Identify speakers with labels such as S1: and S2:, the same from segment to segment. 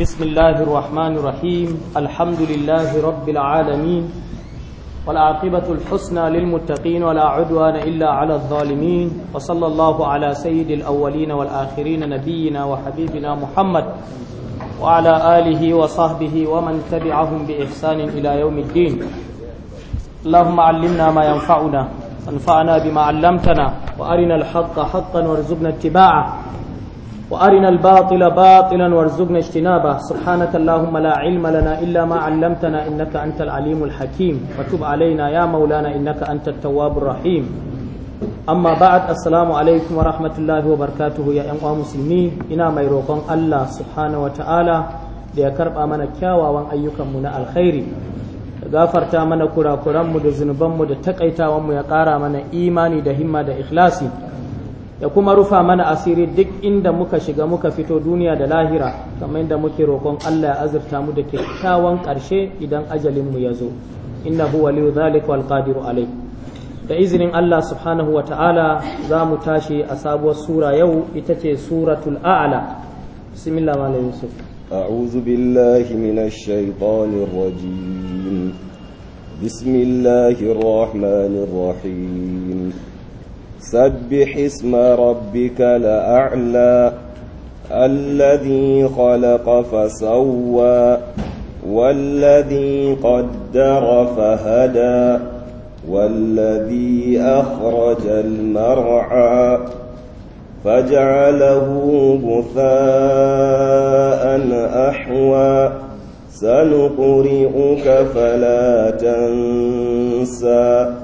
S1: بسم الله الرحمن الرحيم الحمد لله رب العالمين والعاقبة الحسنى للمتقين ولا عدوان إلا على الظالمين وصلى الله على سيد الأولين والآخرين نبينا وحبيبنا محمد وعلى آله وصحبه ومن تبعهم بإحسان إلى يوم الدين اللهم علمنا ما ينفعنا وانفعنا بما علمتنا وأرنا الحق حقا وارزقنا اتباعه وأرنا الباطل باطلا وارزقنا اجتنابه سبحانك اللهم لا علم لنا إلا ما علمتنا إنك أنت العليم الحكيم وتب علينا يا مولانا إنك أنت التواب الرحيم أما بعد السلام عليكم ورحمة الله وبركاته يا أمة مسلمين إنا ميروقون الله سبحانه وتعالى da ya karɓa mana kyawawan ayyukanmu na alkhairi gafarta mana kurakuranmu da zunubanmu da takaitawanmu ya ƙara mana imani da himma da ikhlasi ya kuma rufa mana asiri duk inda muka shiga muka fito duniya da lahira kamar inda muke roƙon Allah ya azurta mu da kyakkyawan ƙarshe idan ajalin mu ya zo innahu waliyu zalika wal qadiru alai da izinin Allah subhanahu wata'ala za mu tashi a sabuwar sura yau ita ce suratul a'la bismillah malam yusuf
S2: أعوذ بالله من الشيطان الرجيم بسم الله الرحمن سبح اسم ربك لأعلى الذي خلق فسوى والذي قدر فهدى والذي أخرج المرعى فجعله غثاء أحوى سنقرئك فلا تنسى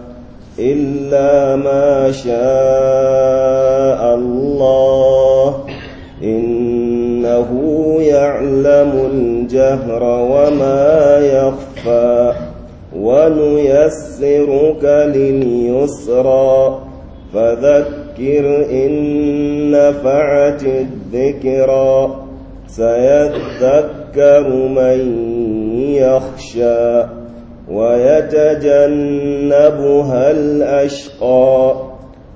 S2: إلا ما شاء الله إنه يعلم الجهر وما يخفى ونيسرك لليسرى فذكر إن نفعت الذكرى سيذكر من يخشى ويتجنبها الأشقى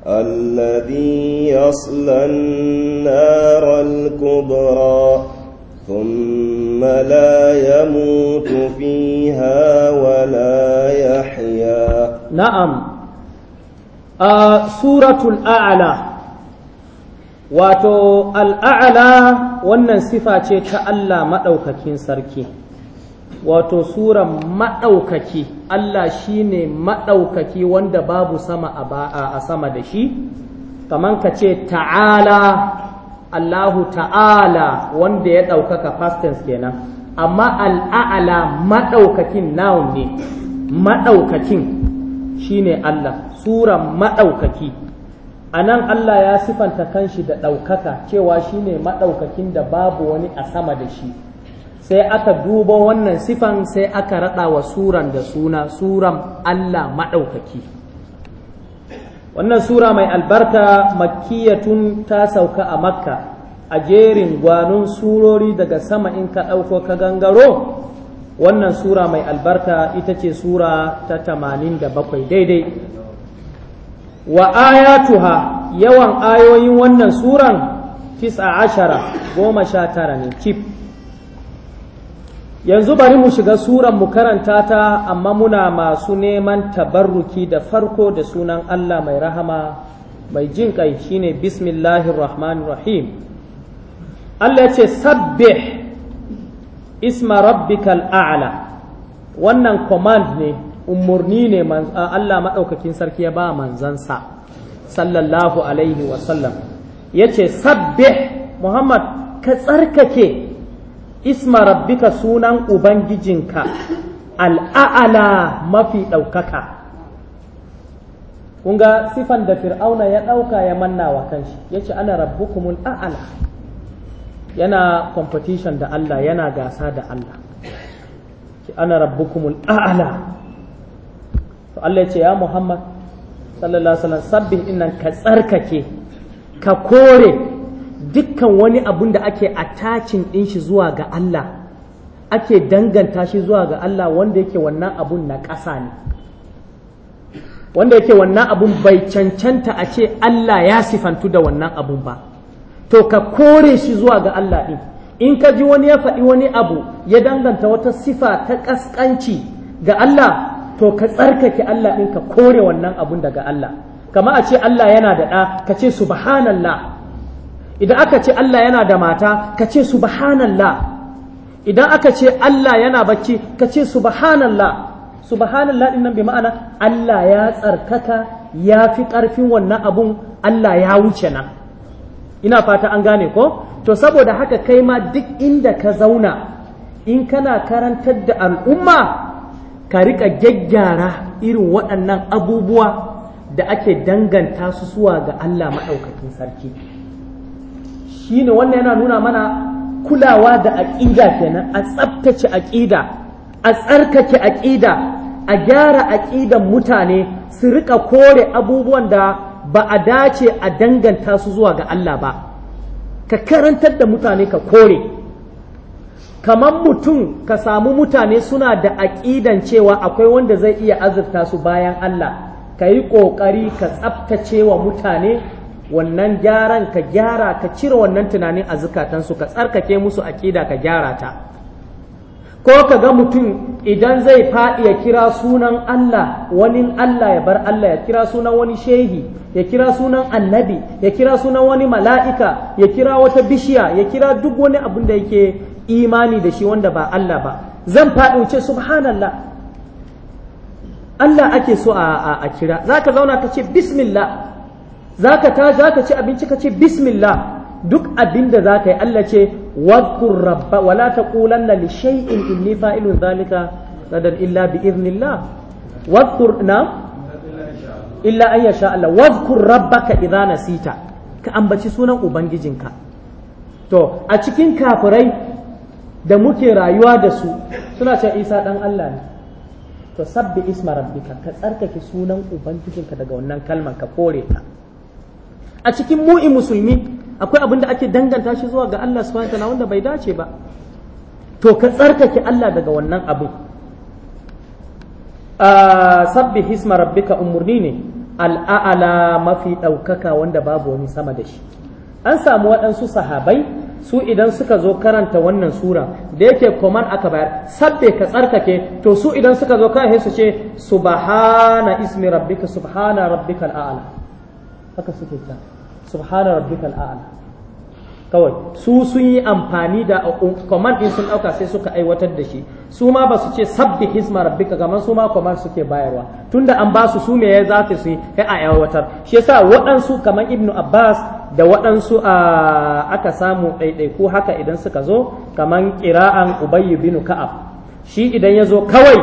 S2: الذي يصلى النار الكبرى ثم لا يموت فيها ولا يحيا
S1: نعم آه سورة الأعلى واتو الأعلى wannan sifa ce ta Allah maɗaukakin sarki wato suran maɗaukaki Allah shi ne maɗaukaki wanda babu sama a a sama da shi kamar ka ce ta'ala Allahu ta'ala wanda ya ɗaukaka fastens kenan amma al'a'ala maɗaukakin noun ne maɗaukakin shi ne Allah suran maɗaukaki a nan Allah ya sifanta kanshi da ɗaukaka cewa shi ne maɗaukakin da babu wani a sama da shi sai aka duba wannan sifan sai aka raɗa wa suran da suna suran Allah maɗaukaki wannan sura mai albarka makkiyatun ta sauka a makka a jerin gwanon surori daga sama in ka ɗauko ka gangaro wannan sura mai albarka ita ce sura ta 87 daidai wa ayatuha yawan ayoyin wannan suran tis'a ashara goma sha tara ne yanzu bari mu shiga suran mu karanta ta amma muna masu neman tabarruki da farko da sunan Allah mai rahama mai jin kai shine bismillahir rahmanir rahim Allah ce sabbih isma rabbikal a'la wannan command ne umurni ne Allah madaukakin sarki ya ba manzansa sallallahu alaihi wa sallam yace sabbih Muhammad ka tsarkake isma rabbika sunan ubangijinka al'a'ala mafi ɗaukaka kunga sifan da fir'auna ya ɗauka ya manna wa kanshi ya ce ana rabbukumul a'ala yana competition da Allah yana gasa da Allah ki ana rabbukumul a'ala to Allah ya ce ya Muhammad sallallahu alaihi wasallam sabbih innan ka tsarkake ka kore dukkan wani abun da ake a attachin ɗin shi zuwa ga Allah ake danganta shi zuwa ga Allah wanda yake wannan abun na ƙasa ne wanda yake wannan abun bai cancanta a ce Allah ya sifantu da wannan abun ba to ka kore shi zuwa ga Allah ɗin in ka ji wani ya faɗi wani abu ya danganta wata sifa ta ƙasƙanci ga Allah to ka tsarkake Allah ɗin ka kore wannan abun daga Allah kama a ce Allah yana da ɗa ka ce subhanallah idan aka ce Allah yana da mata ka ce subhanallah idan aka ce Allah yana bacci ka ce subhanallah subhanallah din nan bi ma'ana Allah ya tsarkaka ya fi ƙarfin wannan abun Allah ya wuce nan ina fata an gane ko to saboda haka kai ma duk inda ka zauna in kana karantar da al'umma ka riƙa gyaggyara irin waɗannan abubuwa da ake danganta su suwa ga Allah maɗaukakin sarki Shi ne wannan yana nuna mana kulawa da aƙida kenan a tsaftace aƙida a tsarkake aƙida a gyara aƙidan mutane su riƙa kore abubuwan da ba a dace a danganta su zuwa ga Allah ba ka karantar da mutane ka kore kamar mutum ka samu mutane suna da aƙidan cewa akwai wanda zai iya azurta su bayan Allah ka yi ƙoƙari ka tsaftace wa mutane wannan gyaran ka gyara ka cire wannan tunanin a zukatansu ka tsarkake musu aƙida ka gyara ta ko ka ga mutum idan zai faɗi ya kira sunan Allah wani Allah ya bar Allah ya kira sunan wani shehi ya kira sunan annabi ya kira sunan wani mala'ika ya kira wata bishiya ya kira duk wani abin da yake imani da shi wanda ba Allah ba zan faɗi wuce subhanallah Allah ake so a kira za ka zauna ka ce bismillah za ka ta za ka ci abinci ka ce bismillah duk abin da za ka yi Allah ce wadkur rabba wala taqulanna li shay'in inni fa'ilun zalika gadan illa bi idnillah wadkur na illa an yasha Allah wadkur rabbaka idza nasita ka ambaci sunan ubangijinka to a cikin kafirai da muke rayuwa da su suna cewa Isa dan Allah ne to sabbi isma rabbika ka tsarkake sunan ubangijinka daga wannan kalman ka kore ta a cikin mu'i musulmi akwai abin da ake danganta shi zuwa ga Allah subhanahu wataala wanda bai dace ba to ka tsarkake Allah daga wannan abin sabbi hisma rabbika umurni ne al'a'ala mafi ɗaukaka wanda babu wani sama da shi an samu waɗansu sahabai su idan suka zo karanta wannan sura da yake koman aka bayar sabbe ka tsarkake to su idan suka zo kai su ce subhana ismi rabbika subhana rabbikal a'la haka suke ta subhana rabbikal a'la kawai su sun yi amfani da command din sun dauka sai suka aiwatar da shi su ma ba su ce sabbi hisma rabbika kamar su ma command suke bayarwa tunda an ba su su me ya za su kai a aiwatar shi yasa waɗansu kamar ibnu abbas da waɗansu a aka samu ɗaiɗaiku haka idan suka zo kamar ƙira'an ubayy bin ka'ab shi idan ya zo kawai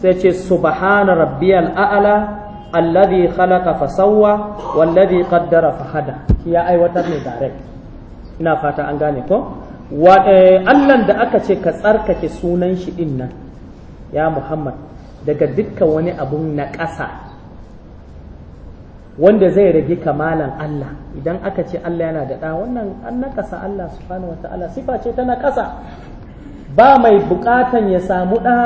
S1: sai ce subhana rabbiyal a'la alladhi khalaqa fa sawwa walladhi qaddara fa hada ya aiwatar ne direct ina fata an gane ko wa eh, Allah da aka ce ka tsarkake sunan shi din ya Muhammad daga dukkan wani abun na ƙasa wanda zai rage kamalan Allah idan aka ce Allah yana da ɗa wannan an na ƙasa Allah subhanahu wataala sifa ce ta ƙasa. ba mai buƙatan ya samu ɗa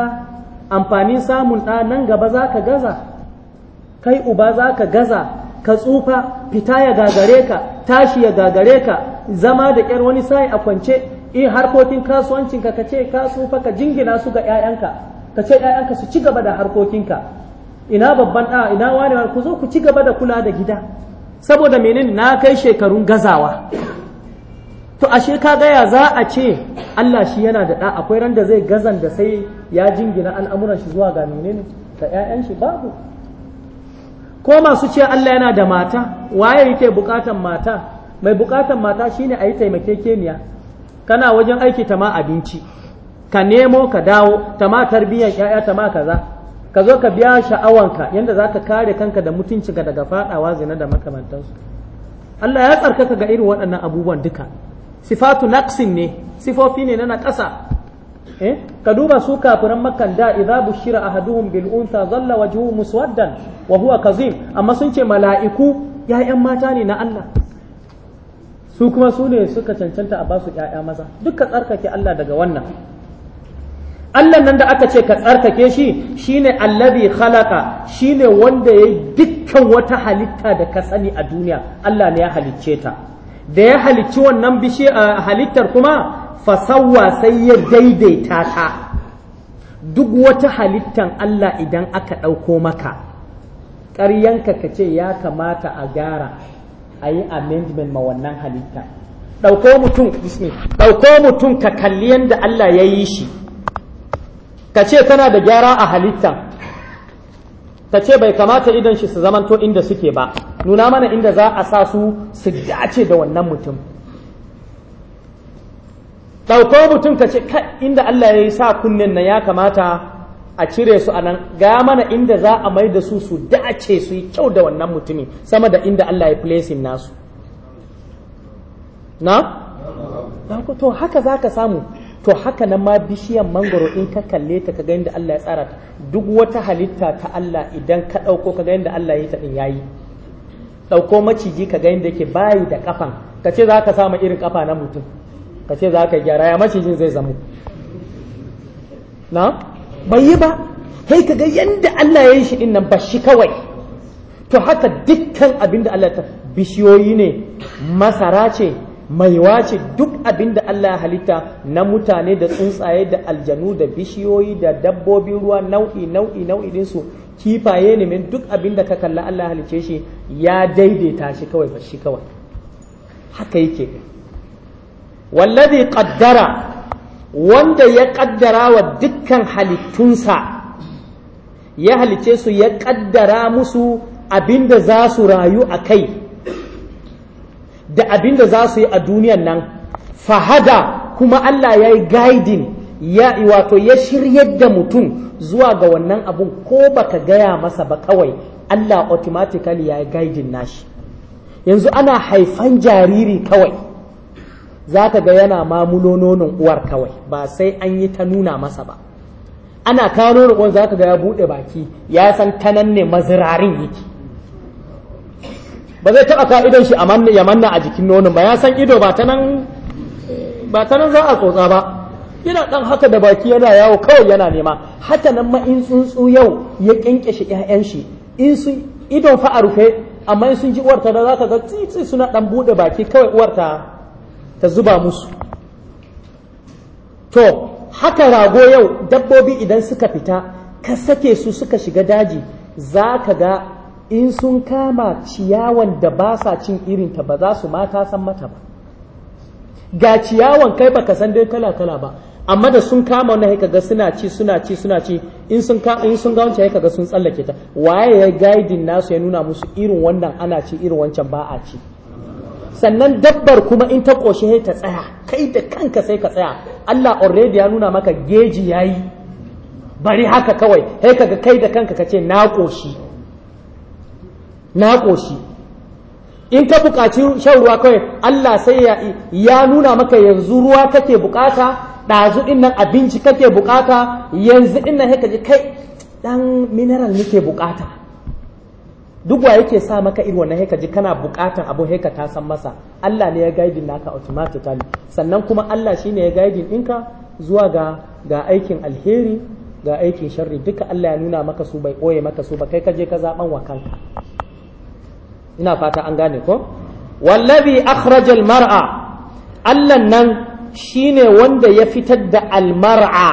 S1: amfani samun ɗa nan gaba za ka gaza kai uba za ka gaza ka tsufa fita ya gagare ka tashi ya gagare ka zama da ƙyar wani sai a kwance in harkokin kasuwancinka ka ce ka tsufa ka jingina su ga 'ya'yanka ka ce 'ya'yanka su ci gaba da harkokinka ina babban ɗa ina wani ku zo ku ci gaba da kula da gida saboda menene na kai shekarun gazawa to ashe ka gaya za a ce Allah shi yana da ɗa akwai ran da zai gazan da sai ya jingina al'amuran shi zuwa ga menene ga 'ya'yan shi babu ko masu ce Allah yana da mata waye yake bukatan mata mai bukatan mata shine a yi taimakekeniya kana wajen aiki ta ma abinci ka nemo ka dawo ta ma tarbiyyar 'ya'ya ta ma kaza ka zo ka biya sha'awanka yadda za ka kare kanka da ka daga fadawa zina da makamantansu Allah ya tsarkaka ga irin waɗannan abubuwan duka sifatu naqsin ne sifofi ne na ƙasa eh ka duba su kafiran makkan da idza bushira ahaduhum bil unsa zalla wajhu muswaddan wa huwa kazim amma sun ce mala'iku ya'yan mata ne na Allah su kuma su ne suka cancanta a basu ya'ya maza dukkan tsarkake Allah daga wannan Allah nan da aka ce ka tsarkake shi shine allazi khalaqa shine wanda yayi dukkan wata halitta da ka sani a duniya Allah ne ya halicce ta da ya halicci wannan bishi halittar kuma fasawa sai ya daidaita ta duk wata halittan Allah idan aka ɗauko maka ƙaryanka ka ce ya kamata a gyara a yi amendment ma wannan halitta ɗauko mutum ɗauko mutum ka kalli yadda Allah ya yi shi ka ce tana da gyara a halittan ka ce bai kamata idan shi su zamanto inda suke ba nuna mana inda za a sa su su dace da wannan mutum ɗauko mutum ka ce inda Allah ya yi sa kunnen na ya kamata a cire su a nan ga mana inda za a mai da su su dace su yi kyau da wannan mutumin sama da inda Allah ya fulesin nasu na? to haka za ka samu to haka nan ma bishiyan mangoro in ka kalle ta ka ga da Allah ya tsara ta duk wata halitta ta Allah idan ka ɗauko ka ga da Allah ya yi ta yayi ɗauko maciji ka ga da yake bayi da kafan ka ce za ka samu irin kafa na mutum ka ce za ka gyara ya maciji zai zamo na bai yi ba sai ka ga yadda Allah ya yi shi dinnan ba shi kawai to haka dukkan abinda Allah ta bishiyoyi ne masara ce maiwa ce duk abinda Allah ya halitta na mutane da tsuntsaye da aljanu da bishiyoyi da dabbobin ruwa nau'i nau'i nau'i su kifaye ne min duk abinda ka kalla Allah ya halice shi ya daidaita shi kawai ba shi kawai haka yake wallazi qaddara wanda ya qaddara wa dukkan halittunsa ya halice su ya qaddara musu abinda za su rayu a kai da abinda za su yi a duniyan nan fahada kuma Allah ya yi guiding ya wato ya shiryar da mutum zuwa ga wannan abun ko baka gaya masa ba kawai Allah automatically ya yi guiding nashi yanzu ana haifan jariri kawai za ka ga yana mamulo nonon uwar kawai ba sai an yi ta nuna masa ba ana kawo rikon za ka ga ya buɗe baki ya san tanan ne mazirarin yake ba zai taɓa ka shi ya manna a jikin nonon ba ya san ido ba ta nan za a tsotsa ba yana ɗan haka da baki yana yawo kawai yana nema haka nan ma in tsuntsu yau ya ƙyanƙyashe 'ya'yan shi in su idon fa rufe amma in sun ji uwarta da za ka ga tsitsi suna ɗan buɗe baki kawai uwarta ta zuba musu to haka rago yau dabbobi idan suka fita ka sake su suka shiga daji za ka ga in sun kama ciyawan da ba sa cin irinta ba za su mata san mata ba ga ciyawan kai baka san dai kala kala ba amma da sun kama wani ga suna ci suna ci suna ci in sun ka in sun ga wancan sun tsallake ta waye ya gaidin nasu ya nuna musu irin wannan ana ci irin wancan ba a ci sannan dabbar kuma in ta ƙoshe ta tsaya kai da kanka sai ka tsaya Allah already ya nuna maka geji yayi bari haka kawai sai kaga kai da kanka ka ce na ƙoshi na ƙoshi in ka buƙaci shan ruwa kawai Allah sai ya nuna maka yanzu ruwa kake buƙata ɗazu ɗin nan abinci kake buƙata yanzu ɗin nan kai ɗan mineral nake buƙata duk wa yake sa maka irin wannan haika ji kana bukatan abu haika san masa Allah ne ya gaidi naka automatically sannan kuma Allah shine ya gaidi ɗinka zuwa ga ga aikin alheri ga aikin sharri duka Allah ya nuna maka su bai ɓoye maka su ba kai ka je ka zaɓan wa kanka ina fata an gane ko wallazi akhrajal mar'a Allah nan shine wanda ya fitar da almar'a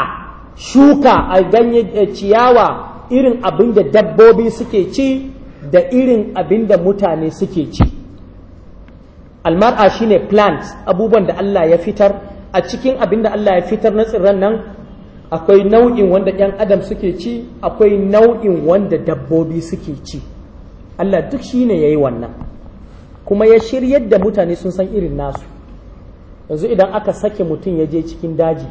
S1: shuka a ganye eh, ciyawa irin abin da dabbobi suke ci da irin abin da mutane suke ci almar'a shine plant abubuwan da Allah ya fitar a cikin abin da Allah ya fitar na tsirran nan akwai nau'in wanda ɗan adam suke ci akwai nau'in wanda dabbobi suke ci Allah duk shine yi wannan kuma ya shiryar da mutane sun san irin nasu yanzu idan aka sake mutum ya je cikin daji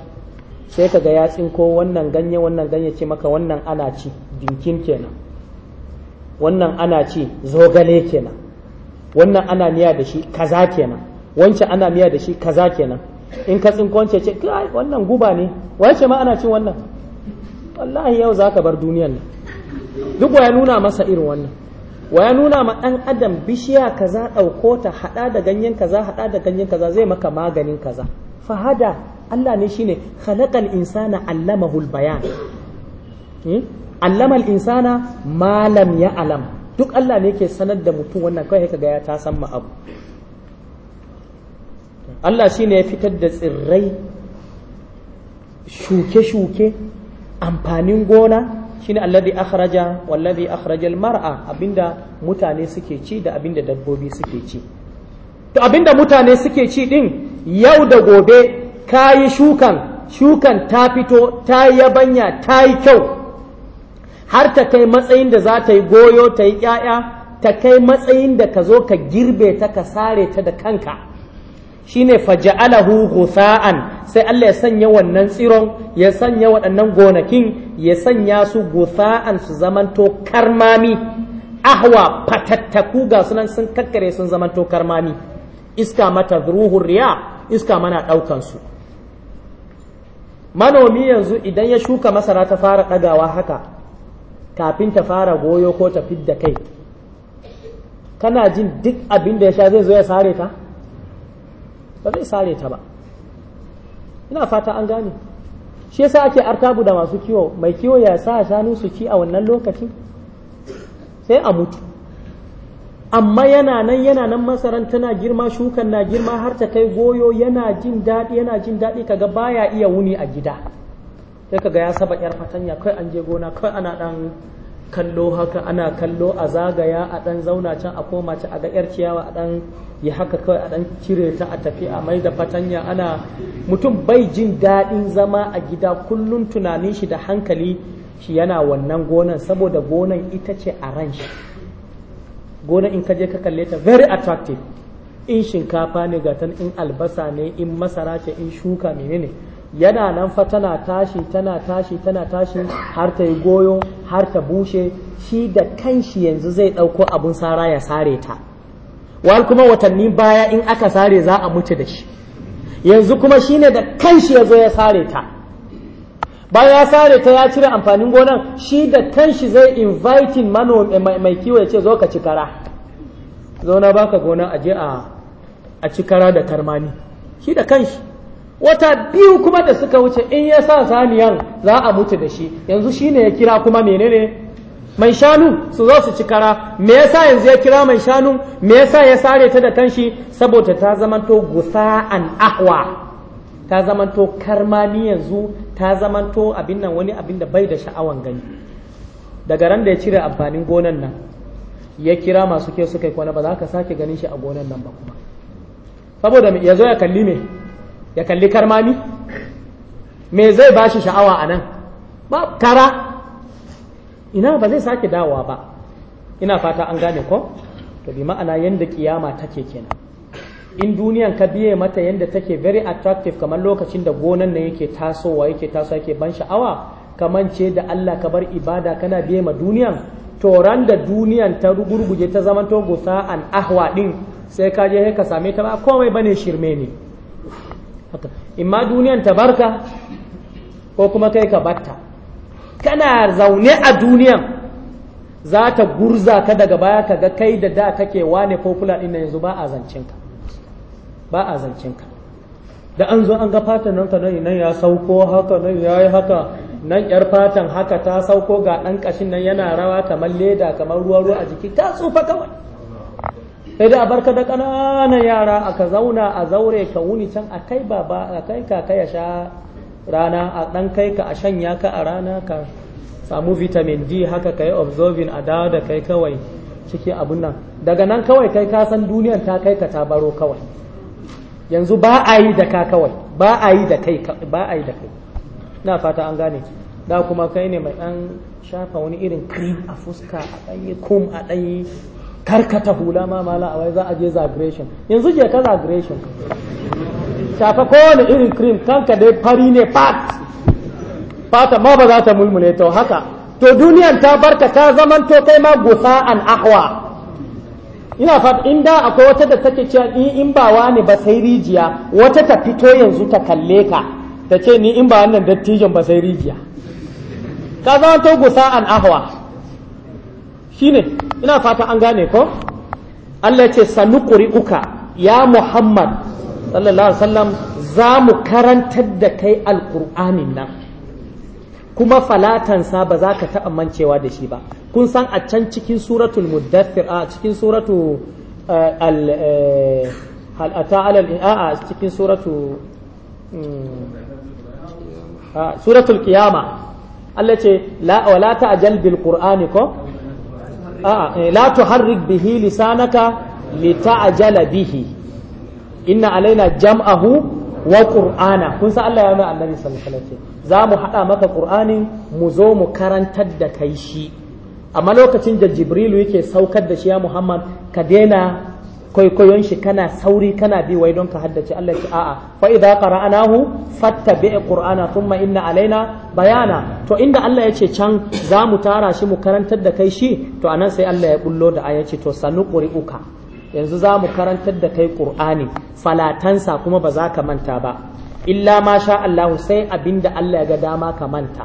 S1: sai ka ga ya tsinko wannan ganye wannan ganye ce maka wannan ana ci dinkin kenan wannan ana ci zogale kenan wannan ana miya da shi kaza kenan wancan ana miya da shi kaza kenan in ka tsinkonce ce kai wannan guba ne wace ma ana cin wannan wallahi yau za ka bar duniyan nan duk wa ya nuna masa irin wannan wa ya nuna ma dan adam bishiya kaza dauko ta hada da ganyen kaza hada da ganyen kaza zai maka maganin kaza fahada Allah ne shine khalaqal insana allamahul bayan hmm? allamal insana malam ya alam duk Allah ne ke sanar da mutum wannan kawai ga ya ta san abu Allah shine ya fitar da tsirrai shuke-shuke amfanin gona shine alladhi akhraja wallazi akhrajal mar'a abinda mutane suke ci da abinda dabbobi suke ci to abinda mutane suke ci din yau da gobe kayi shukan shukan ta fito ta yabanya ta yi kyau har ta kai matsayin da za ta yi goyo ta yi ƴaƴa ta kai matsayin da ka zo ka girbe ta ka sare ta da kanka shine faja'alahu gusa'an sai Allah ya sanya wannan tsiron ya sanya waɗannan gonakin ya sanya su gusa'an su zamanto karmami ahwa fatattaku ga sunan sun kakkare sun zamanto karmami iska mata ruhun riya iska mana ɗaukan su manomi yanzu idan ya shuka masara ta fara ɗagawa haka kafin ta fara goyo ko ta fidda kai kana jin duk abin da ya sha zai zo ya sare ta ba zai sare ta ba ina fata an gane shi yasa ake artabu da masu kiwo mai kiwo ya sa shanu su ci a wannan lokaci sai a mutu amma yana nan yana nan masaran tana girma shukan na girma har ta kai goyo yana jin daɗi yana jin daɗi kaga baya iya wuni a gida sai ka ya saba yar fatanya kai an je gona kai ana dan kallo haka ana kallo a zagaya a dan zauna can a koma ci a ga yar ciyawa a dan yi haka kawai a dan cire ta a tafi a mai da fatanya ana mutum bai jin daɗin zama a gida kullun tunanin shi da hankali shi yana wannan gonan saboda gonan ita ce a ran shi gonan in ka je ka kalle ta very attractive in shinkafa ne gatan in albasa ne in masara ce in shuka menene yana nan fa tana tashi tana tashi tana tashi har ta yi goyo har ta bushe shi da kanshi yanzu zai ɗauko abun sara ya sare ta wal kuma watanni baya in aka sare za a mutu da shi yanzu kuma shi ne da kanshi ya zo ya sare ta bayan ya sare ta ya cire amfanin gonan shi da kanshi zai invite manomi eh, mai kiwo ya ce zo ka ci kara zo na baka gona a je a ci kara da karmani shi da kanshi wata biyu kuma da suka wuce in ya sa saniyan za a mutu da shi yanzu shi ne ya kira kuma menene mai shanu su zo su ci kara me yasa yanzu ya kira mai shanu me yasa ya sare ta da kanshi saboda ta zamanto gusa'an ahwa ta zamanto karmani yanzu ta zamanto abin nan wani abin da bai da sha'awan gani daga ran da ya cire amfanin gonan nan ya kira masu ke suka yi kwana ba za ka sake ganin shi a gonan nan ba kuma saboda ya zo ya kalli me ya kalli karmami me zai ba shi sha'awa a nan ba kara ina ba zai sake dawowa ba ina fata an gane ko to bi ma'ana yanda kiyama take kenan in duniyan ka biye mata yadda take very attractive kamar lokacin da gonan nan yake tasowa yake tasowa yake ban sha'awa kamar ce da Allah ka bar ibada kana biye ma duniyan to ran da duniyan ta gurguje ta zaman to gusa an ahwa din sai ka je ka same ta ba komai bane shirme ne imma duniyan ta barka ko kuma kai ka batta kana zaune a duniyan za ta gurza ka daga baya ka ga kai da da kake wane popular ɗin yanzu ba a ba a da an zo an ga fatan nan ka nan ya sauko haka nan ya yi haka nan yar fatan haka ta sauko ga ɗan ƙashin nan yana rawa kamar leda kamar ruwa ruwa a jiki ta tsufa kawai sai da a barka da ƙananan yara aka zauna a zaure ka wuni can a kai baba a kai ka ya sha rana a ɗan kai ka a shanya ka a rana ka samu vitamin d haka ka yi observing a dawo da kai kawai ciki abun nan daga nan kawai kai ka san duniyan ta kai ka ta baro kawai yanzu ba a yi da ka kawai ba a yi da kai ba a yi da kai na fata an gane da kuma kai ne mai ɗan shafa wani irin cream a fuska a ɗanyi kum a ɗanyi karkata hula ma mala a wai za a je zagreshin yanzu je ka zagreshin shafa kowane irin cream kanka dai fari ne fat fata ma ba za ta mulmule ta haka to duniyan ta barka ta zaman to kai ma an ahwa ina fat inda akwai wata da take cewa ni in ba wani ba sai rijiya wata ta fito yanzu ta kalle ka ta ce ni in ba wannan dattijan ba sai rijiya ka zama to akwa, ahwa shine ina fata an gane ko Allah ce sanuquri uka ya Muhammad sallallahu alaihi wasallam za mu karantar da kai alqur'anin nan kuma falatansa ba za ka taɓa mancewa da shi ba kun san a can cikin suratul muddathir a cikin suratu eh, al halata eh, alal a cikin suratu mm, suratul qiyama Allah ce la wala ta'jal bil qur'ani ko a'a ah, eh, la tuharrik bihi lisanaka lita'jala bihi inna alaina jam'ahu wa qur'ana kun san Allah ya nuna annabi sallallahu alaihi wasallam za mu hada maka ƙur'ani mu zo mu karantar da kai shi amma lokacin da jibrilu yake saukar da shi ya muhammad ka daina kwaikwayon shi kana sauri kana bi wai don ka haddace Allah ce a'a fa idza qara'nahu fattabi qur'ana thumma inna alaina bayana to inda Allah ya ce can za mu tara shi mu karantar da kai shi to anan sai Allah ya bullo da aya ce to sanuqri'uka yanzu za mu karantar da kai qur'ani falatansa kuma ba za ka manta ba illa ma sha Allah sai abinda Allah ya ga dama ka manta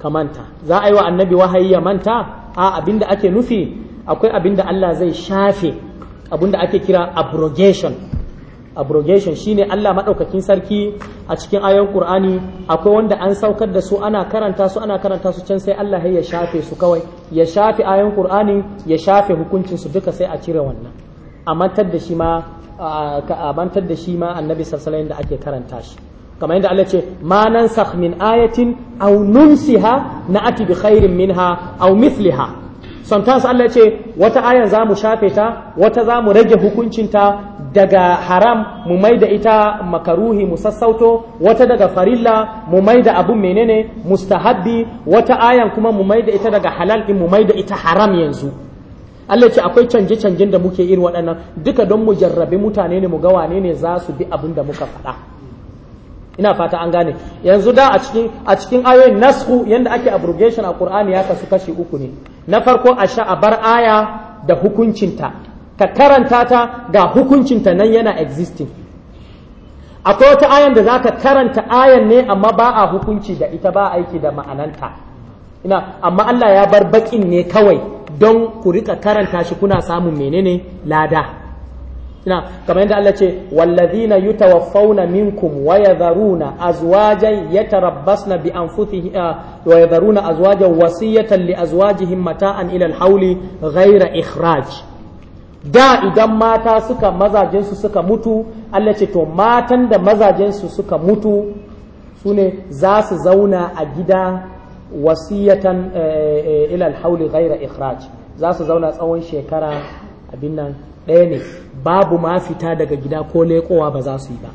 S1: ka manta za a yi wa annabi wahayi ya manta a abinda ake nufi akwai abin da Allah zai shafe abin da ake kira abrogation abrogation shine Allah maɗaukakin sarki a cikin ayon Qur'ani akwai wanda an saukar da su ana karanta su ana karanta su can sai Allah ya shafe su kawai ya shafe ayon Qur'ani ya shafe hukuncin su duka sai a cire wannan a mantar da shi ma a mantar da shi ma annabi sallallahu da ake karanta shi kamar yadda Allah ce ma nansakh min ayatin aw nunsiha na'ati bi khairin minha aw mithliha sometimes Allah ce wata ayan za mu shafe ta wata za mu rage hukuncinta daga haram mu mai da ita makaruhi mu sassauto wata daga farilla mu mai da abun menene mustahabbi wata ayan kuma mu mai da ita daga halal din mu mai da ita haram yanzu Allah ce akwai canje-canjen da muke irin waɗannan duka don mu jarrabe mutane ne mu ga wane ne za su bi abin da muka faɗa ina fata an gane yanzu da a cikin a cikin ayoyin nasku yanda ake abrogation a Qur'ani ya kasu kashi uku ne na farko a sha a bar aya da hukuncinta ka karanta ta ga hukuncinta nan yana existing akwai wata ayan da zaka karanta ayan ne amma ba a hukunci da ita ba aiki da ma'ananta ina amma Allah ya bar bakin ne kawai don ku rika karanta shi kuna samun menene lada ina kamar yadda Allah ce wallazina yutawaffawna minkum wa yadharuna azwajan yatarabbasna bi anfusihim ah, wa yadharuna azwajan wasiyatan li azwajihim mata'an ila al ghayra ikhraj da idan mata suka mazajen su suka mutu Allah ce to matan da mazajen su suka mutu sune za su zauna a gida wasiyatan eh, eh, ila hauli ghaira ikhraj za su zauna tsawon shekara abin nan ɗaya ne babu ma fita daga gida ko leƙowa ba za su yi ba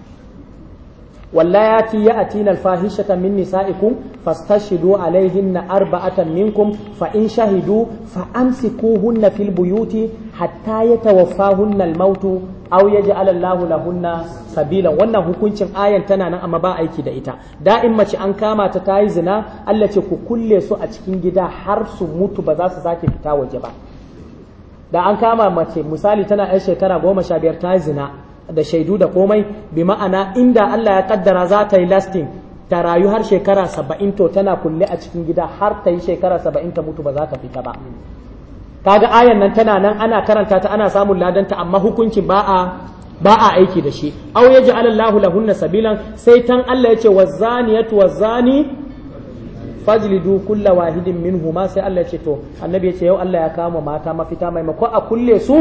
S1: wallayati ya'tina alfahishata min nisa'ikum fastashidu alaihinna arba'atan minkum fa in shahidu fa amsikuhunna fil buyuti hatta yatawaffahunna al-mautu aw yaj'ala Allahu lahunna sabila wannan hukuncin ayan tana nan amma ba aiki da ita da'in mace an kama ta tayi zina Allah ce ku kulle su a cikin gida har su mutu ba za su sake fita waje ba da an kama mace misali tana yar shekara goma sha biyar ta zina da shaidu da komai bi ma'ana inda Allah ya kaddara za ta yi lasting ta rayu har shekara saba'in to tana kulle a cikin gida har ta yi shekara saba'in ta mutu ba za ta fita ba ga ayan nan tana nan ana karanta ta ana samun ladanta amma hukuncin ba a ba a aiki da shi aw yaj'alallahu lahunna sabilan sai tan Allah ya ce wazaniyatu wazani fajlidu kulla wahidin minhuma sai Allah ya ce to annabi ya ce yau Allah ya kama mata mafita maimako a kulle su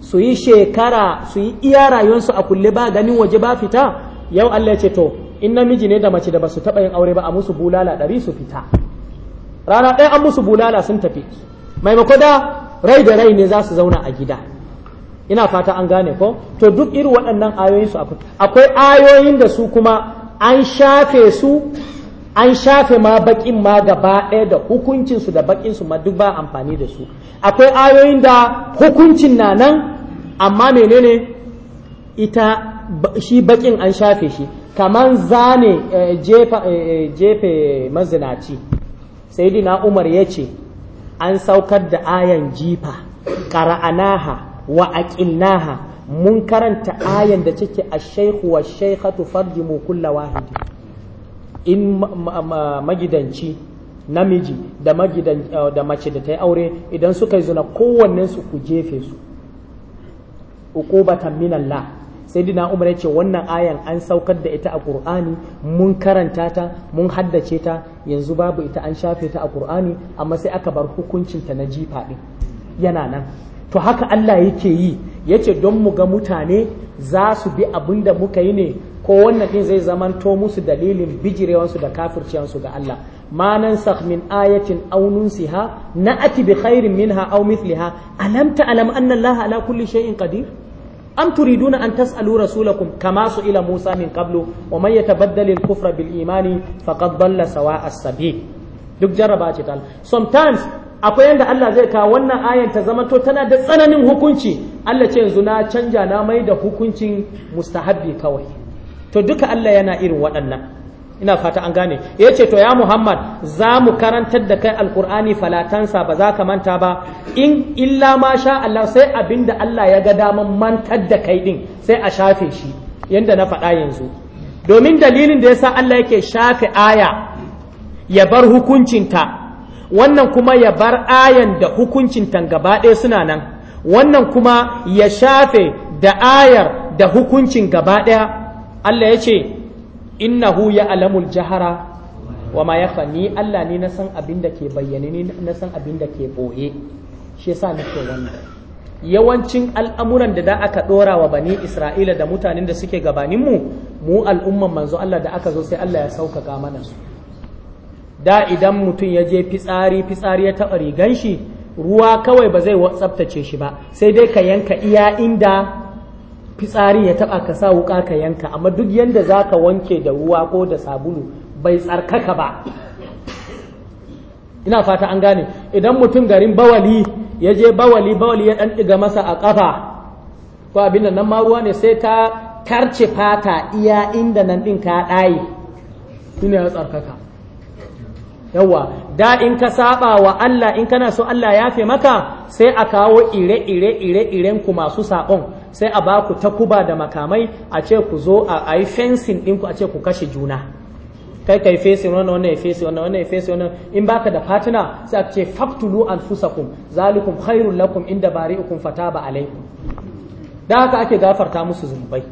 S1: su yi shekara su yi iya rayuwarsu a kulle ba ganin waje ba fita yau Allah ya ce to in namiji ne da mace da basu taba yin aure ba a musu bulala ɗari su fita rana ɗaya an musu bulala sun tafi maimako da rai da rai ne za su zauna a gida ina fata an gane ko to duk irin waɗannan ayoyin su akwai ayoyin da su kuma an shafe su an shafe ma bakin ma gaba ɗaya da hukuncinsu da bakinsu ma duk ba amfani da su akwai ayoyin da hukuncin na nan amma menene ita shi bakin an shafe shi kamar zane eh, eh, jefe mazinaci sayidina umar ya ce an saukar da ayan jifa ƙara'anaha wa aƙinnaha mun karanta ayan da take a shaikhu wa shaikhatu farjimu kulla wahidi in magidanci namiji uh, da mace da ta yi aure idan suka yi zuna kowanne su ku jefe su uqubatan min Allah sai dina umar ce wannan ayan an saukar da ita a qur'ani mun karanta ta mun haddace ta yanzu babu ita an shafe ta a qur'ani amma sai aka bar hukuncin ta na jifa din yana nan to haka Allah yake yi yace don mu ga mutane za su bi abin da muka yi ne ko wannan din zai zamanto musu dalilin bijirewansu da kafirciyansu ga Allah ma nan min ayatin aw nunsiha na'ati bi khairin minha aw mithliha alam ta'lam anna Allah ala kulli shay'in qadir am turiduna an tas'alu rasulakum kama su ila Musa min qablu wa man yatabaddal al-kufra bil imani faqad dalla sawa'a as-sabil duk jarraba ce ta sometimes akwai yanda Allah zai kawo wannan ayan ta zamanto tana da tsananin hukunci Allah ce yanzu na canja na mai da hukuncin mustahabbi kawai to duka Allah yana irin waɗannan ina fata an gane ya ce to ya Muhammad za mu karantar da kai alkur'ani falatansa ba za ka manta ba in illa ma sha Allah sai abin da Allah ya ga daman mantar da kai din sai a shafe shi yadda na faɗa yanzu domin dalilin da ya sa Allah yake shafe aya ya bar hukuncinta wannan kuma ya bar ayan da hukuncinta gaba ɗaya suna nan wannan kuma ya shafe da ayar da hukuncin gaba ɗaya Allah ya ce innahu ya alamul jahara wa ma yakhfa ni Allah ne na san abin da ke bayyane ni na san abin da ke boye shi yasa nake wannan yawancin al'amuran da da aka dora wa bani Isra'ila da mutanen da suke gabanin mu mu al'umman manzo Allah da aka zo sai Allah ya sauƙaƙa mana su da idan mutum ya je fitsari fitsari ya taɓa rigan shi ruwa kawai ba zai tsaftace shi ba sai dai ka yanka iya inda fitsari ya taba ka sa wuka ka yanka amma duk yanda ka wanke da ruwa ko da sabulu bai tsarkaka ba ina fata an gane idan mutum garin bawali ya je bawali bawali ya dan diga masa a kafa ko abin nan ma ruwa ne sai ta karce fata iya inda nan din ka ɗaye shine ya tsarkaka yawa da in ka saba wa Allah in kana so Allah ya fi maka sai a kawo ire ire ire iren ku masu sabon sai a baku takuba da makamai a ce ku zo a yi fensin ɗinku a ce ku kashe juna kai kai fesin wannan wannan ya fesin wannan wannan ya fesin wannan in baka da fatina sai a ce faktulu anfusakum zalikum khairul lakum inda bari'ukum fataba alaikum Da haka ake gafarta musu zunubai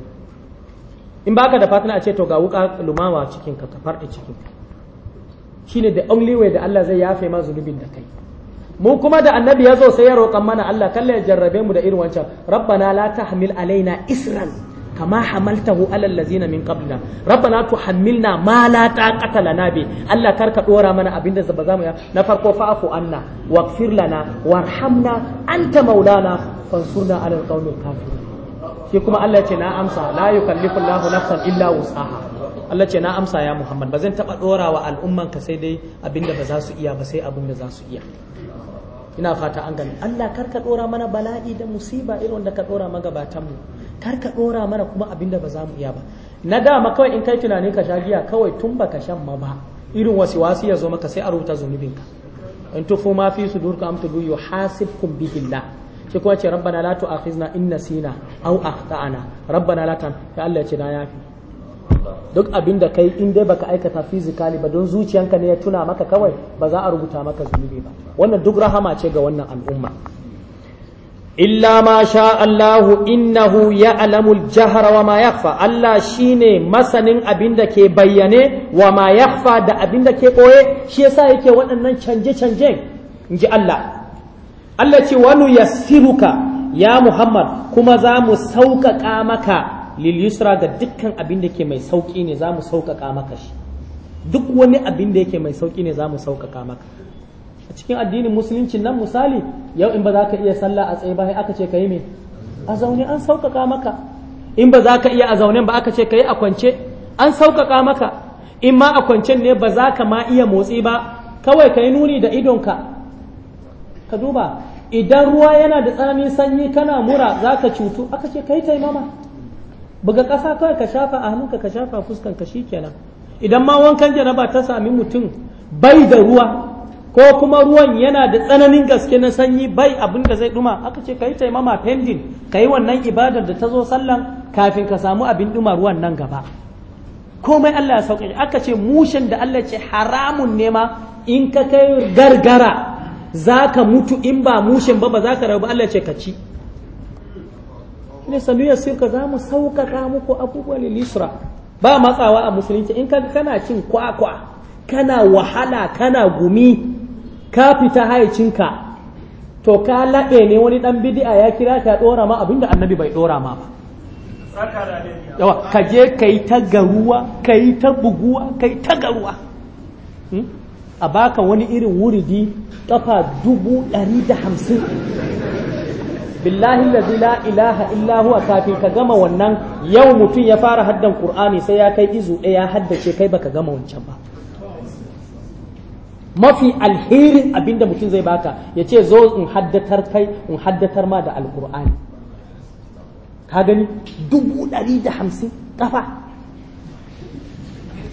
S1: in baka da fatina a ce to ga wuka lumawa cikin ka ka farɗe cikin ka shine the only way da Allah zai yafe ma zunubin da kai mu kuma da annabi ya zo sai ya roƙan mana Allah kalla ya jarrabe mu da irin wancan rabbana la tahmil alaina isran kama hamaltahu alal ladzina min qablina rabbana tuhammilna ma la taqata lana bi Allah karka dora mana abinda ba za mu ya na farko fa'fu anna waghfir lana warhamna anta maulana fansurna alal qaumil kafirin shi kuma Allah ce na amsa la yukallifu Allahu nafsan illa wus'aha Allah ce na amsa ya Muhammad ba zan taɓa ɗora wa al'ummanka sai dai abinda ba za su iya ba sai abin da za su iya ina fata an gani Allah kar ka dora mana bala'i da musiba irin da ka dora magabatan mu kar ka dora mana kuma abin da ba za mu iya ba na dama kawai in kai tunani ka sha giya kawai tun ba ka shan ma ba irin wasi-wasi ya zo maka sai a rubuta ka in tufu ma fi su durka am tudu yuhasibkum bihillah shi kuma ce rabbana la tu'akhizna in nasina aw akhtana rabbana la tan ya Allah ya ce na yafi duk abin da kai in dai baka aikata fizikali ba don zuciyanka ne ya tuna maka kawai ba za a rubuta maka zunubi ba wannan duk rahama ce ga wannan al'umma illa ma sha Allahu innahu ya'lamu al-jahra wa ma yakhfa Allah shine masanin abin da ke bayyane wa ma yakhfa da abin da ke koye shi yasa yake waɗannan canje canje inji Allah Allah ce wani yassiruka ya Muhammad kuma za mu sauƙaƙa maka lil yusra ga dukkan abin da ke mai sauki ne za mu sauƙaƙa maka shi duk wani abin da yake mai sauki ne za mu sauƙaƙa maka a cikin addinin musulunci nan misali yau in ba za ka iya sallah a tsaye ba aka ce ka yi me a zaune an sauƙaƙa maka in ba za ka iya a zaune ba aka ce ka yi a kwance an sauƙaƙa maka in ma a kwancen ne ba za ka ma iya motsi ba kawai ka yi nuni da idonka ka duba idan ruwa yana da tsananin sanyi kana mura za ka cutu aka ce ka yi taimama buga ƙasa kawai ka shafa a hannunka ka shafa fuskar ka kenan idan ma wankan jaraba ta sami mutum bai da ruwa ko kuma ruwan yana da tsananin gaske na sanyi bai abin da zai duma aka ce ka yi taimama pending ka yi wannan ibadar da ta zo sallan kafin ka samu abin duma ruwan nan gaba komai Allah ya sauƙaƙe aka ce mushen da Allah ce haramun ne ma in ka kai gargara zaka mutu in ba mushen ba ba za ka rabu Allah ce ka ci ne sanu sirka za mu sauƙaƙa muku abubuwan lilisra ba matsawa a musulunci in kaga kana cin kwakwa kana wahala kana gumi ka fita hayacinka to ka laɓe ne wani ɗan bidi'a ya kira ka ɗora ma abinda annabi bai ɗora ma ba yawa ka je ka yi ta garuwa ka yi ta buguwa ka yi ta garuwa hmm? a baka wani irin wuridi ƙafa dubu ɗari da hamsin billahi allazi la ilaha illa huwa kafin ka gama wannan yau mutum ya fara haddan qur'ani sai ya kai izu ɗaya haddace kai baka gama wancan ba mafi alherin abinda mutum zai baka ya ce zo in haddatar kai in haddatar ma da alkur'ani ka gani dubu ɗari da hamsin kafa.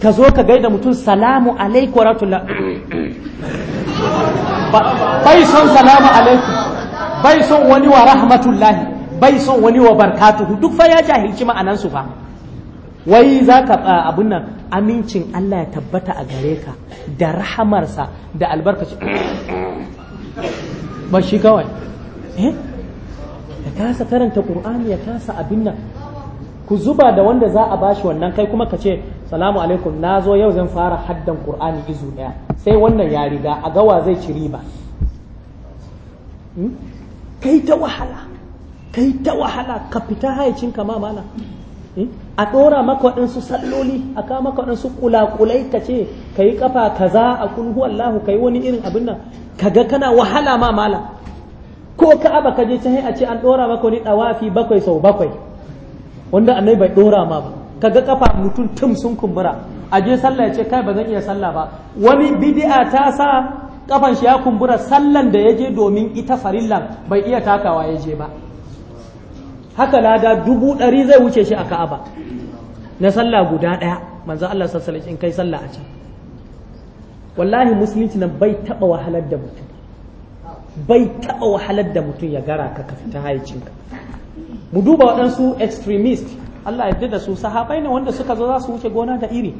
S1: ka zo ka gaida mutum salamu alaikum wa bai son salamu alaikum bai son wani wa rahmatullahi bai son wani wa barkatuhu duk fa ya jahilci ma'anan su fa wai za zaka abun nan amincin Allah ya tabbata a gare ka da rahamarsa da albarkaci ba shi kawai eh ya kasa karanta qur'ani ya kasa abin nan ku zuba da wanda za a bashi wannan kai kuma ka ce salamu alaikum na zo yau zan fara haddan qur'ani izu daya sai wannan ya riga a gawa zai ci riba hmm? kai ta wahala kai ta wahala ka fita haicin ka ma mana eh? a ɗora maka waɗansu salloli a ka maka waɗansu kulakulai ka ce ka yi ƙafa kaza a kulhu Allahu ka yi wani irin abin nan ka ga kana wahala ma mala ko ka aba ka je can a ce an ɗora maka wani ɗawafi bakwai sau bakwai wanda annai bai ɗora ma ba ka ga ƙafa mutum tum sun kumbura a je sallah ya ce kai ba zan iya sallah ba wani bidi'a ta sa kafan shi ya kumbura sallan da ya je domin ita farillan bai iya takawa ya je ba haka lada dubu ɗari zai wuce shi a ka'aba na sallah guda ɗaya manzan Allah sallallahu in kai sallah a can wallahi musulunci nan bai taɓa wahalar da mutum bai taɓa wahalar da mutum ya gara ka kafi ta hayacinka mu duba waɗansu extremist Allah ya da su sahabai ne wanda suka zo za su wuce gona da iri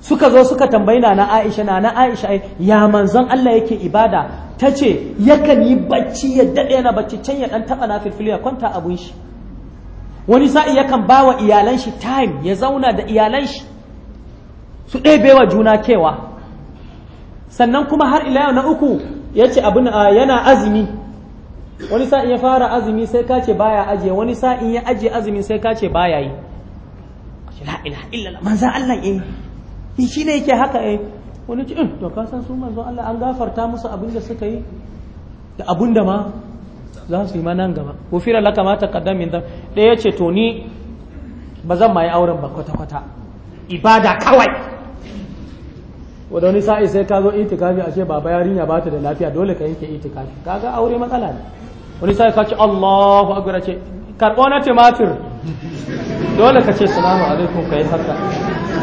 S1: suka zo suka tambayi na Aisha na Aisha ya manzon Allah yake ibada ta ce yakan yi bacci ya daɗe na bacci can ya ɗan taɓa na filfili ya kwanta abun shi wani sa'i yakan ba wa iyalan shi time ya zauna da iyalan shi su ɗebe wa juna kewa sannan kuma har ila yau na uku ya ce abin yana azumi wani sa'i ya fara azumi sai ka ce baya ajiye wani sa'i ya ajiye azumi sai ka ce baya yi la ilaha illallah manzon Allah eh shi ne yake haka eh wani ci eh, to ka san su manzo Allah an gafarta musu abin da suka yi da abin da ma za su yi ma nan gaba gufira laka ma taqaddam min ɗaya ce to ni ba zan ma auren ba kwata kwata ibada kawai wadani sa'i sai ka zo itikafi a ce baba yarinya ba ta da lafiya dole ka yanke itikafi kaga aure matsala ne wani sa'i ka ce Allahu akbar ce karbo na tumatir dole ka ce salamu alaikum ka haka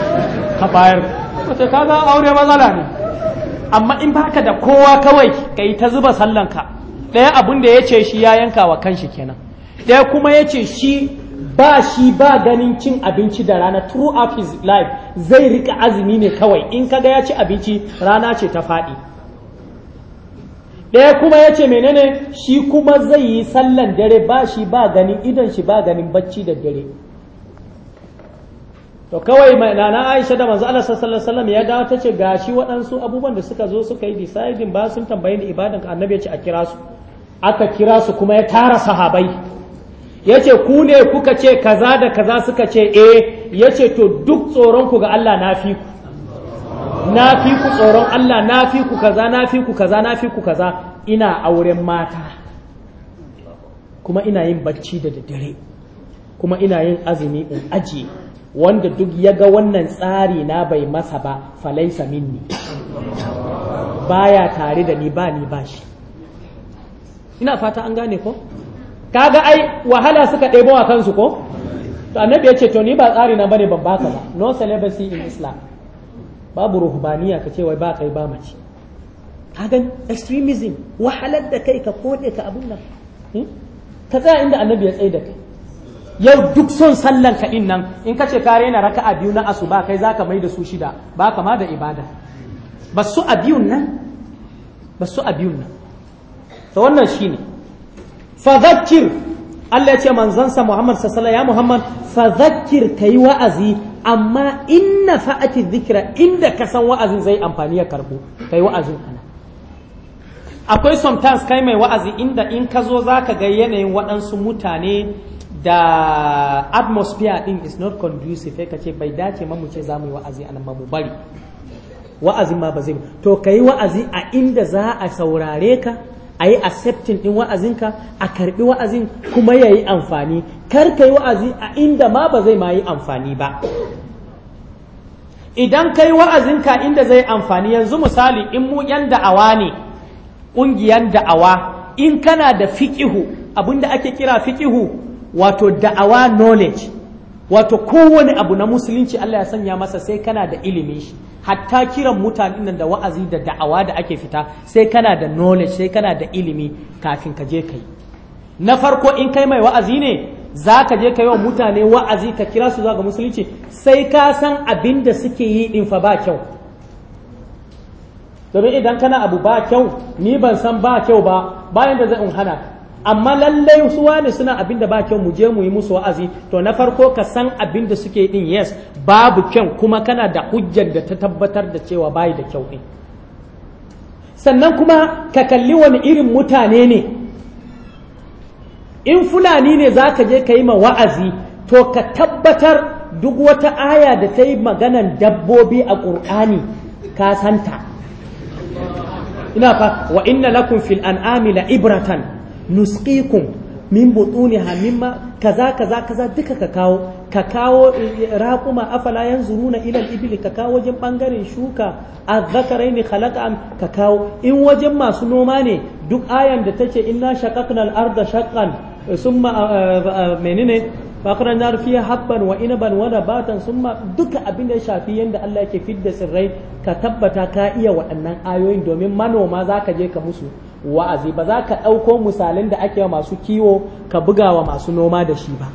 S1: ka bayar Ka ga aure matsala ne amma in baka da kowa kawai ka yi ta zuba sallanka ɗaya abin da ya ce shi ya yanka wa kanshi kenan ɗaya kuma ya ce shi ba shi ba ganin cin abinci da rana of his life zai rika azumi ne kawai in kaga ya ci abinci rana ce ta faɗi ɗaya kuma ya ce menene shi kuma zai yi sallan dare ba shi ba ganin idon shi ba ganin bacci da dare to kawai mai nana Aisha da manzo Allah sallallahu alaihi wasallam ya dawo tace gashi waɗansu abubuwan da suka zo suka yi deciding ba sun tambaye ni ibadan ka annabi ya ce a kira su aka kira su kuma ya tara sahabai yace ku ne kuka ce kaza da kaza suka ce eh yace to duk tsoron ku ga Allah na fi ku na fi ku tsoron Allah na fi ku kaza na fi ku kaza na fi ku kaza ina auren mata kuma ina yin bacci da daddare kuma ina yin azumi in ajiye wanda duk ya ga wannan tsari na bai masa ba falaisa minni baya tare da ni ba ni ba shi ina fata an gane ko kaga ai wahala suka ɗebo a kansu ko to annabi ya ce to ni ba tsari na bane ban baka ba no celibacy in islam babu ruhbaniya ka ce wai ba kai ba mace kagan extremism wahalar da kai ka kode ka abun nan hmm? ka tsaya inda annabi ya tsaye da kai yau duk son sallan ka nan in ka ce ka raka raka'a biyu na asuba kai zaka mai da su shida ba kama da ibada ba su a biyun nan ba su a biyun nan to wannan shine zakkir, Allah ya ce sa Muhammad sallallahu ya Muhammad fadhakkir kai wa'azi amma inna fa'ati dhikra inda ka san wa'azin zai amfani ya karbo kai wa'azin ana akwai sometimes kai mai wa'azi inda in ka zo zaka ga yanayin waɗansu mutane da atmosphere din is not conducive ka ce bai dace ma mu ce za mu yi wa'azi a nan ma mu bari wa'azin ma ba zai to ka yi wa'azi a inda za a saurare ka a yi accepting din ka a karbi wa'azin kuma ya yi amfani kar ka yi wa'azi a inda ma ba zai ma yi amfani ba idan ka yi ka inda zai amfani yanzu misali in mu yan da'awa ne ƙungiyar da'awa in kana da fiƙihu abinda ake kira fiƙihu wato da'awa knowledge wato kowane abu na musulunci Allah ya sanya masa sai kana da ilimin shi hatta kiran mutane nan da wa'azi da da'awa da ake fita sai kana da knowledge sai kana da ilimi kafin ka je kai na farko in kai mai wa'azi ne za ka je ka yi wa mutane wa'azi ka kira su zuwa ga musulunci sai ka san abin da suke yi din fa ba kyau domin idan kana abu ba kyau ni ban san ba kyau ba bayan da zai in hana amma lallai su wani suna abin da ba kyau mu je mu yi musu wa'azi to na farko ka san abin da suke din yes babu kyau kuma kana da hujjar da ta tabbatar da cewa bayi da kyau din sannan kuma ka kalli wani irin mutane ne in fulani ne za ka je ka yi ma wa'azi to ka tabbatar duk wata aya da ta yi maganan dabbobi a ƙur'ani ka santa ina fa wa inna lakum fil an'ami la ibratan nusqikum min butuniha mimma kaza kaza kaza duka ka kawo ka kawo eh, raquma afala yanzuruna ila al ka kawo wajen bangaren shuka azzakaraini khalaqan ka kawo in wajen masu noma ne duk ayan da tace inna shaqaqna al-arda shaqqan eh, summa eh, menene fakaran nar fiye habban wa inaban wa nabatan sun duka abin da ya shafi yadda Allah yake fidda tsirrai ka tabbata ka iya waɗannan ayoyin domin manoma zaka je ka musu wa'azi ba za ka ɗauko misalin da ake wa masu kiwo ka buga wa masu noma da shi ba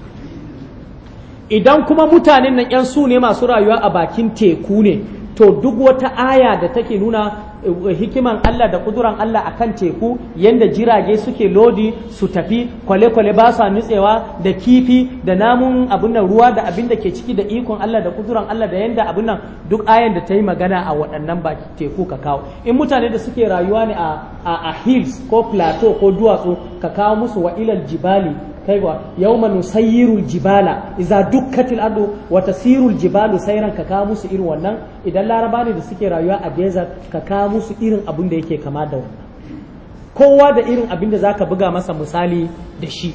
S1: idan kuma mutanen nan 'yan su ne masu rayuwa a bakin teku ne to duk wata aya da take nuna eh, hikiman Allah da kuduran Allah a kan teku yadda jirage suke lodi su tafi kwale-kwale ba sa nutsewa da kifi da namun abin nan ruwa da abin da ke ciki da ikon Allah da kuduran Allah da yadda abin nan duk ayan da ta yi magana a waɗannan ba teku ka kawo in mutane da suke rayuwa ne a, a, hills ko plateau ko duwatsu ka kawo musu wa ilal jibali kaiwa manu sayirul jibala iza dukkatil ardu wa tasirul jibalu sayran ka kawo musu irin wannan idan laraba ne da suke rayuwa a desert ka kawo musu irin abin da yake kama da
S3: wannan
S1: kowa da irin abin da zaka buga masa misali da shi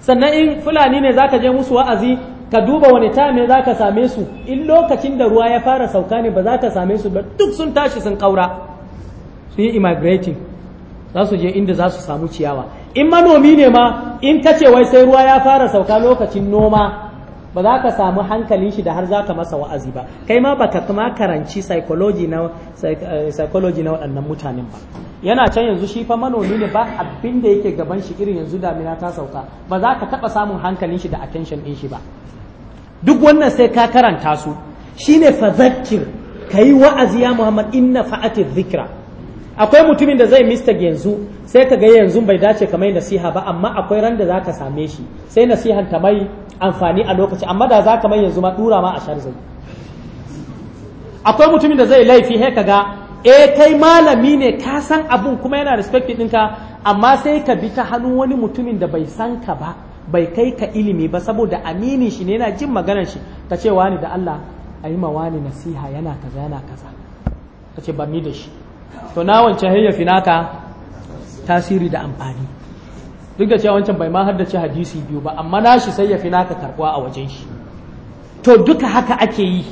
S1: sannan in fulani ne zaka je musu wa'azi ka duba wani ta za zaka same su in lokacin da ruwa ya fara sauka ne ba za ka same su ba duk sun tashi sun kaura su yi immigrating za su je inda za su samu ciyawa in manomi ne ma in ta ce wai sai ruwa ya fara sauka lokacin noma ba za ka samu hankalin shi da har za ka masa wa'azi ba kai ma baka kuma karanci eh, psychology na waɗannan mutanen ba yana can yanzu shi fa manomi ne ba abin da yake gaban shi irin yanzu damina ta sauka ba za ka taɓa samun hankalin shi da attention ɗin shi ba duk wannan sai ka karanta su shine fazakir ka yi wa'azi ya muhammad inna fa'ati dhikra akwai mutumin da zai mista yanzu sai ka ga yanzu bai dace ka nasiha ba amma akwai ran da za ka same shi sai nasihan ta mai amfani a lokaci amma da za ka mai yanzu ma dura ma a sharzai. akwai mutumin da zai laifi sai ka ga eh kai malami ne ka san abun kuma yana respect ɗinka amma sai ka bi ta hannu wani mutumin da bai san ka ba bai kai ka ilimi ba saboda aminin shi ne yana jin maganar shi ka ce wani da Allah a yi ma wani nasiha yana kaza yana kaza ka ce ba ni da shi to na wancan hayyafi naka tasiri da amfani duk da cewa wancan bai ma haddace hadisi biyu ba amma nashi sai ya fi naka karbuwa a wajen shi to duka haka ake yi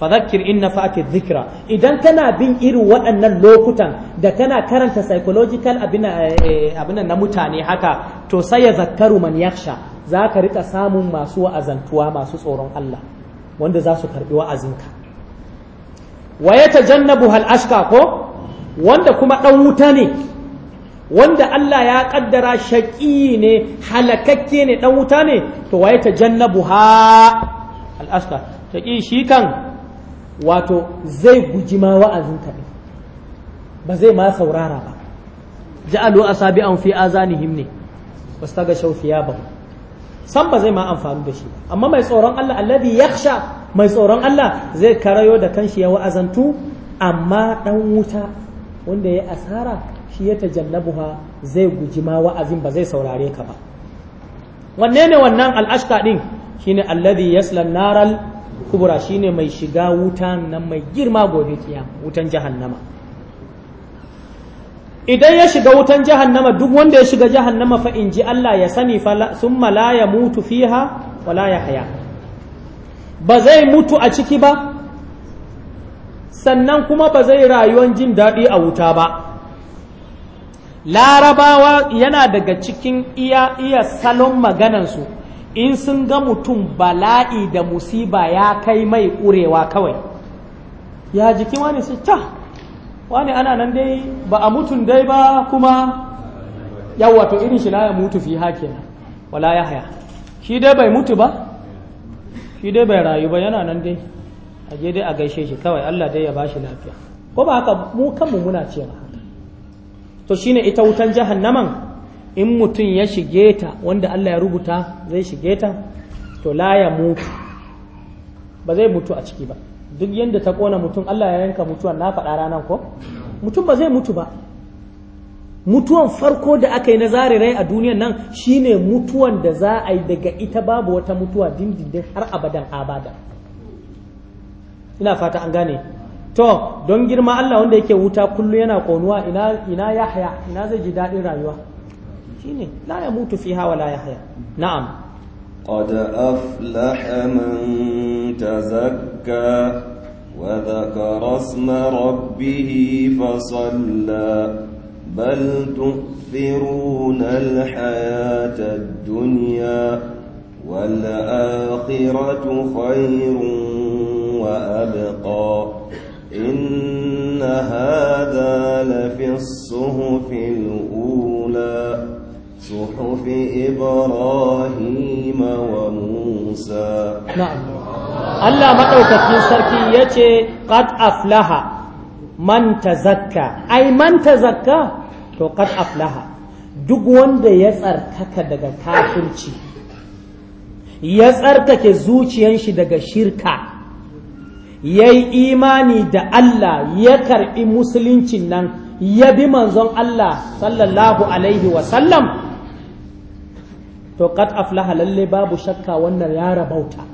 S1: fadakir in na fa'ake zikira idan kana bin irin waɗannan lokutan da kana karanta psychological abin eh, na mutane haka to sai ya zakaru man yaksha za ka rika samun masu wa'azantuwa masu tsoron Allah wanda za su karɓi wa'azinka wa ya tajannabu hal aska ko wanda kuma ɗan wuta ne wanda Allah ya ƙaddara shaƙi ne halakakke ne ɗan wuta ne to wa ya tajannabu ha al aska shaƙi shi kan wato zai guji ma wa'azin ka ba zai ma saurara ba ja'alu asabi an fi azanihim ne wasu taga shaufiya ba san ba zai ma amfani da shi ba amma mai tsoron Allah alladhi yakhsha mai tsoron Allah zai karayo da kanshi ya wa'azantu amma dan wuta wanda ya asara shi ya tajannabuha zai guji ma wa'azin ba zai saurare ka ba wanne ne wannan al'ashka din shine alladhi yasla naral kubra shine mai shiga wuta nan mai girma gobe kiyama wutan jahannama idan ya shiga wutan jahannama duk wanda ya shiga jahannama fa in ji Allah ya sani summa la ya mutu fiha wala ya haya ba zai mutu a ciki ba sannan kuma ba zai rayuwan jin daɗi a wuta ba larabawa yana daga cikin iya iya salon maganansu in sun ga mutum bala'i da musiba ya kai mai ƙurewa kawai ya jikin wani su ta wani ana nan dai ba a mutum dai ba kuma yawa to irin shi na ya mutu fi haƙe wala ya haya shi dai bai mutu ba shi dai bai rayu ba yana nan dai a je dai a gaishe shi kawai Allah dai ya ba shi lafiya ko ba haka mu kanmu muna cewa haka to shine ita wutan jahannaman in mutum ya shige ta wanda Allah ya rubuta zai shige ta to la ya mutu ba zai mutu a ciki ba duk yadda ta kona mutum Allah ya yanka mutuwa na faɗa ranar ko mutum ba zai mutu ba mutuwan farko da aka yi na zarirai a duniyan nan shine mutuwan da za a yi daga ita babu wata mutuwa dindindin har abadan abada ina fata an gane to don girma Allah wanda yake wuta kullu yana konuwa ina ina yahya ina zai ji daɗin rayuwa shine la ya mutu fiha wa la yahya na'am ta
S2: أفلح من تزكى وذكر اسم ربه فصلى بل تؤثرون الحياة الدنيا والآخرة خير وأبقى إن هذا لفي الصهف الأولى صحف إبراهيم وموسى نعم الله مدوكتين
S1: سركي يتي قد أفلها من تزكى أي من تزكى to kad aflaha duk wanda ya tsarkaka daga kafirci ya tsarkake zuciyar shi daga shirka ya yi imani da Allah ya karɓi musuluncin nan ya bi manzon Allah sallallahu alaihi wasallam to kad aflaha lalle babu shakka wannan ya rabauta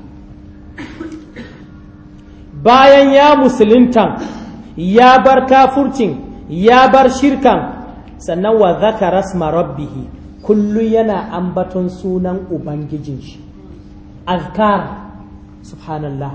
S1: bayan ya musulunta ya bar kafurcin ya bar shirkan sannan wa zakara rasma rabbihi kullum yana ambaton sunan ubangijin shi azkar subhanallah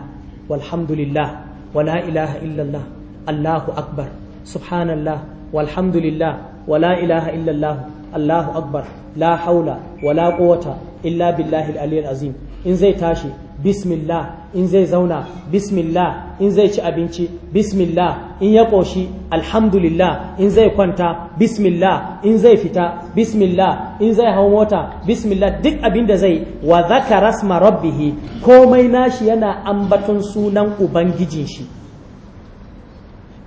S1: walhamdulillah wala ilaha illallah allahu akbar subhanallah walhamdulillah wala ilaha illallah allahu akbar la haula wala quwwata illa billahi al-aliyyil azim in zai tashi bismillah in zai zauna bismillah in zai ci abinci bismillah in ya ƙoshi alhamdulillah in zai kwanta bismillah in zai fita bismillah in zai hau mota bismillah duk abin da zai wa zaka rasma rabbihi komai nashi yana ambaton sunan ubangijin shi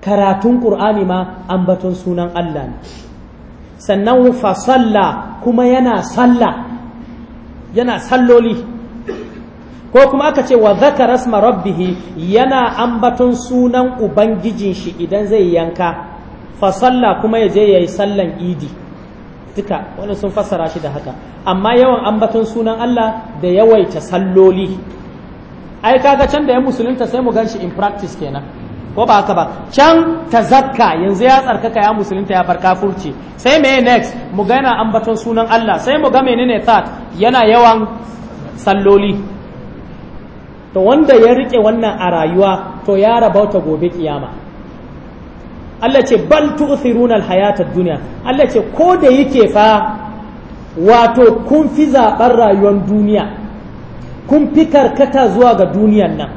S1: karatun ƙur'ani ma ambaton sunan Allah ne sannan fasalla kuma yana salla yana salloli ko kuma aka ce wa zakara asma rabbihi yana ambaton sunan ubangijin shi idan zai yanka fa kuma ya je yayi sallan idi duka wani sun fassara shi da haka amma yawan ambaton sunan Allah da yawaita salloli ai kaga can da ya musulunta sai mu ganshi in practice kenan ko ba haka ba can ta zakka yanzu ya tsarkaka ya musulunta ya bar kafurci sai me next mu ga yana ambaton sunan Allah sai mu ga menene third yana yawan salloli to wanda ya rike wannan a rayuwa to ya rabauta gobe kiyama Allah ce bal tu'thiruna alhayata hayatad dunya Allah ce ko da yake fa wato kun fi zaɓar rayuwar duniya kun fi karkata zuwa ga duniyan nan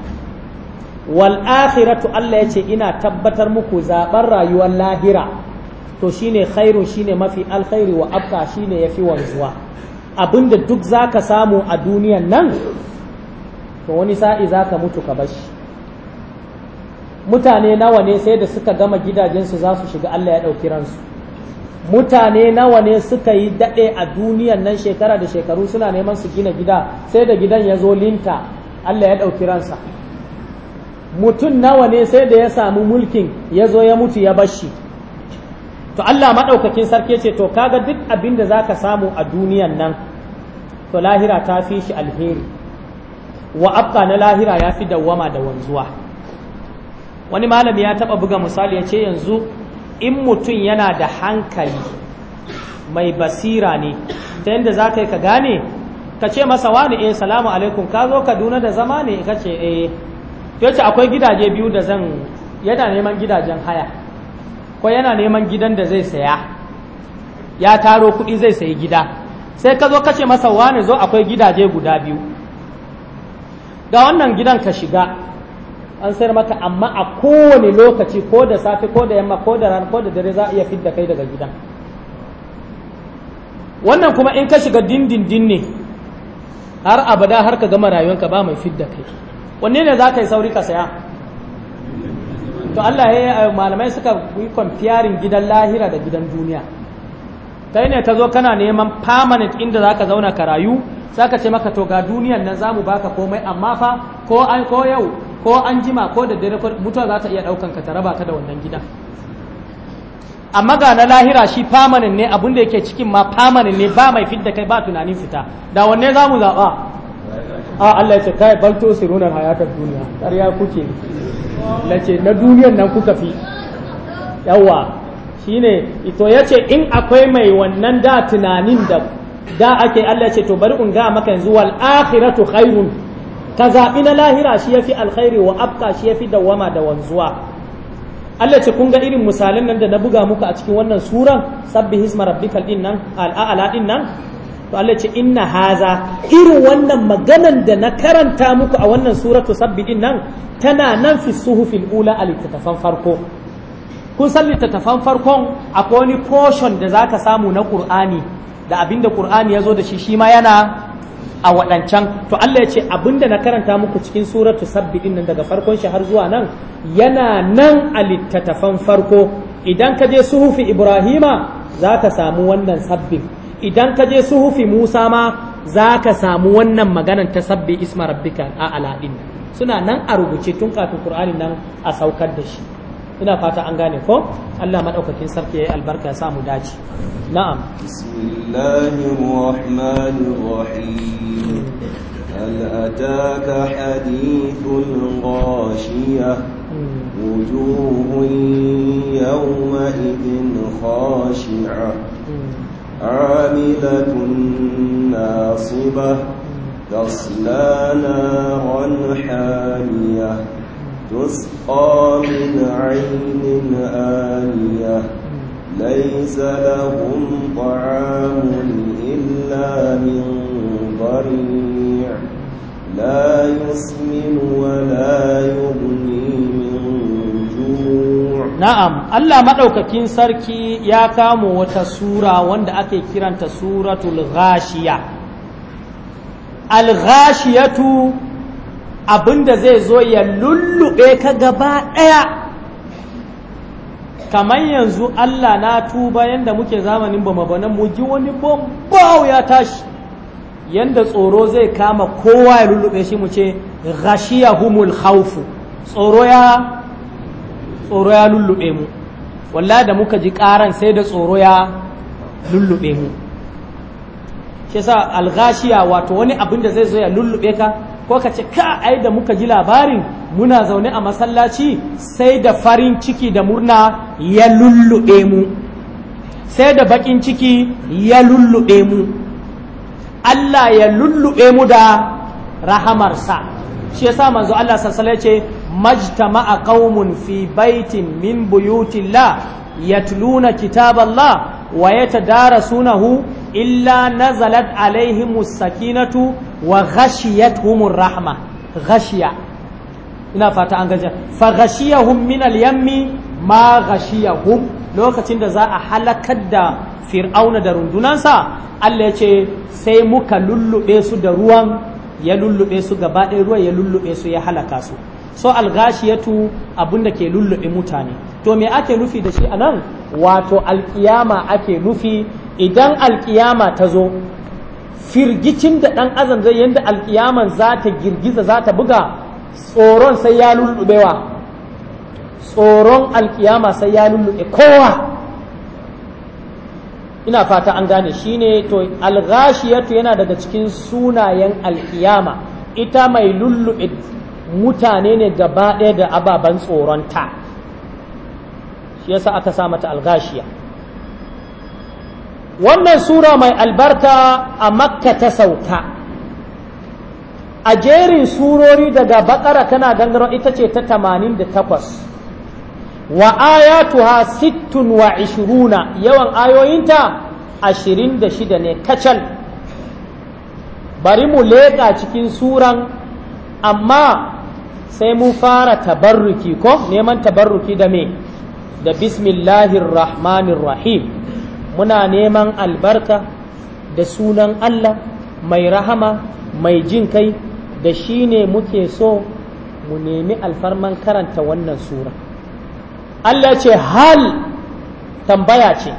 S1: wal akhiratu Allah ya ce ina tabbatar muku zaɓar rayuwar lahira to shine khairu shine mafi alkhairi wa abka shine yafi wanzuwa abinda duk zaka samu a duniyan nan to wani sa'i za ka mutu ka bashi mutane nawa ne sai da suka gama gidajensu za su shiga Allah ya ɗauki ransu mutane nawa ne suka yi daɗe a duniyan nan shekara da shekaru suna neman su gina gida sai da gidan ya zo linta Allah ya ɗauki ransa mutum nawa ne sai da ya samu mulkin ya zo ya mutu ya bashi to Allah maɗaukakin sarki ce to kaga duk abin da za ka samu a duniyan nan to lahira ta fi shi alheri wa abka na lahira ya fi dawwama da wanzuwa wani malami ya taɓa buga misali ya ce yanzu in mutum yana da hankali mai basira ne ta yadda za ka yi ka gane ka ce masa wani eh salamu alaikum ka zo kaduna da zama ne ka ce eh to ce akwai gidaje biyu da zan yana neman gidajen haya ko yana neman gidan da zai saya ya taro kuɗi zai sayi gida sai ka zo ka ce masa wani zo akwai gidaje guda biyu ga wannan gidan ka shiga an sayar maka amma a kowane lokaci ko da safe ko da yamma ko da rana ko da dare za a iya fidda kai daga gidan wannan kuma in ka shiga dindindin ne har abada har ka gama ka ba mai fidda kai wanne ne za ka yi sauri ka saya to Allah ya yi eh, malamai suka yi kwamfiyarin gidan lahira da gidan duniya kai ne ka zo kana neman permanent inda za ka zauna ka rayu sai ka ce maka to ga duniyan nan zamu baka komai amma fa ko an ko yau ko an jima ko da dare mutuwa za ta iya daukan ka ta raba ta da wannan gida. amma ga na lahira shi permanent ne da yake cikin ma permanent ne ba mai fidda kai ba tunanin fita da wanne zamu zaba zaɓa a Allah ce kai balto sirunar hayatar duniya ƙarya kuke lace na duniyan nan kuka fi yawa shine ito yace in akwai mai wannan da tunanin da da ake Allah ce to bari in ga maka yanzu wal akhiratu khairun ka zaɓi na lahira shi yafi alkhairi wa abqa shi yafi dawama da wanzuwa Allah ce kun ga irin misalan nan da na buga muku a cikin wannan suran sabbi hisma rabbikal din nan al'ala din nan to Allah ce inna haza irin wannan maganan da na karanta muku a wannan suratu sabbi din nan tana nan fi suhufil ula a littattafan farko kun san littattafan farkon akwai wani portion da zaka samu na qur'ani da abin da Qur'ani ya zo da shi shi ma yana a waɗancan to Allah ya ce abin da na karanta muku cikin suratu sabbi din nan daga farkon shi har zuwa nan yana nan a littattafan farko idan ka je suhufi Ibrahima za ka samu wannan sabbin idan ka je suhufi Musa ma za ka samu wannan maganar ta sabbi isma rabbika a ala'in suna nan a rubuce tun kafin Kur'ani nan a saukar da shi ina fata an gane ko Allah madaukakin sarki yi albarka ya samu dace
S2: na'am bismillahir rahmanir rahim hal ataka hadithul ghashiyah hmm. wujuhun yawma idhin khashi'ah عاملة ناصبة تصلى نارا حامية Tuskomin ainihin ajiya, laizala gulɓu caman Na'am.
S1: Allah maɗaukakin Sarki ya kamo wata sura wanda ake kiranta suratu Al-Ghashiya. tu. abinda zai zo ya lullube ka gaba ɗaya kamar yanzu Allah na tuba yadda muke zamanin ba mu ji wani bambam ya tashi Yadda tsoro zai kama kowa ya lullube shi mu ce humul Haufu. tsoro ya tsoro ya lullube mu Walla da muka ji karan sai da tsoro ya lullube mu shi sa alghashiya wato wani abinda zai zo ya lullube ka ko ka ce ka ai da muka ji labarin muna zaune a masallaci sai da farin ciki da murna ya lulluɓe mu sai da baƙin ciki ya lulluɓe mu Allah ya lulluɓe mu da rahamarsa shi ya yasa manzo Allah sallallahu ce majtama'a ƙaumun fi baitin min ya buyutillah yatluna kitaballah wa ya ta dara sunahu? illa nazalat alaihimus sakinatu wa ghashiyatuhumur rahma ghashiya ina fata an gaja fa ghashiyahum min al-yammi ma ghashiyahum lokacin da za a halakar da fir'auna da rundunansa Allah ya ce sai muka lullube su da ruwan ya lullube su gaba ruwan ya lullube su ya halaka su so algashiyatu abinda ke lullube mutane to me ake nufi da shi anan wato alkiyama ake nufi idan alkiyama ta zo firgicin da ɗan azam zai yadda alkiyaman za ta girgiza za ta buga tsoron sai ya lullubewa tsoron alkiyama sai ya lullube kowa ina fata an gane shi ne to alghashiyatu yana daga cikin sunayen alkiyama ita mai lullube mutane ne gaba ɗaya da ababen tsoronta shi yasa aka sa mata alghashiya wannan sura mai albarka a makka ta sauka a jerin surori daga bakara kana gangaro ita ce ta 88 wa ayatuha sittun yawan ayoyinta 26 ne kacal bari mu leka cikin suran amma sai mu fara tabarruki ko neman tabarruki da me da bismillahir rahmanir rahim muna neman albarka da sunan Allah mai rahama mai jin kai da shi ne muke so mu nemi alfarman karanta wannan sura Allah ce hal tambaya ce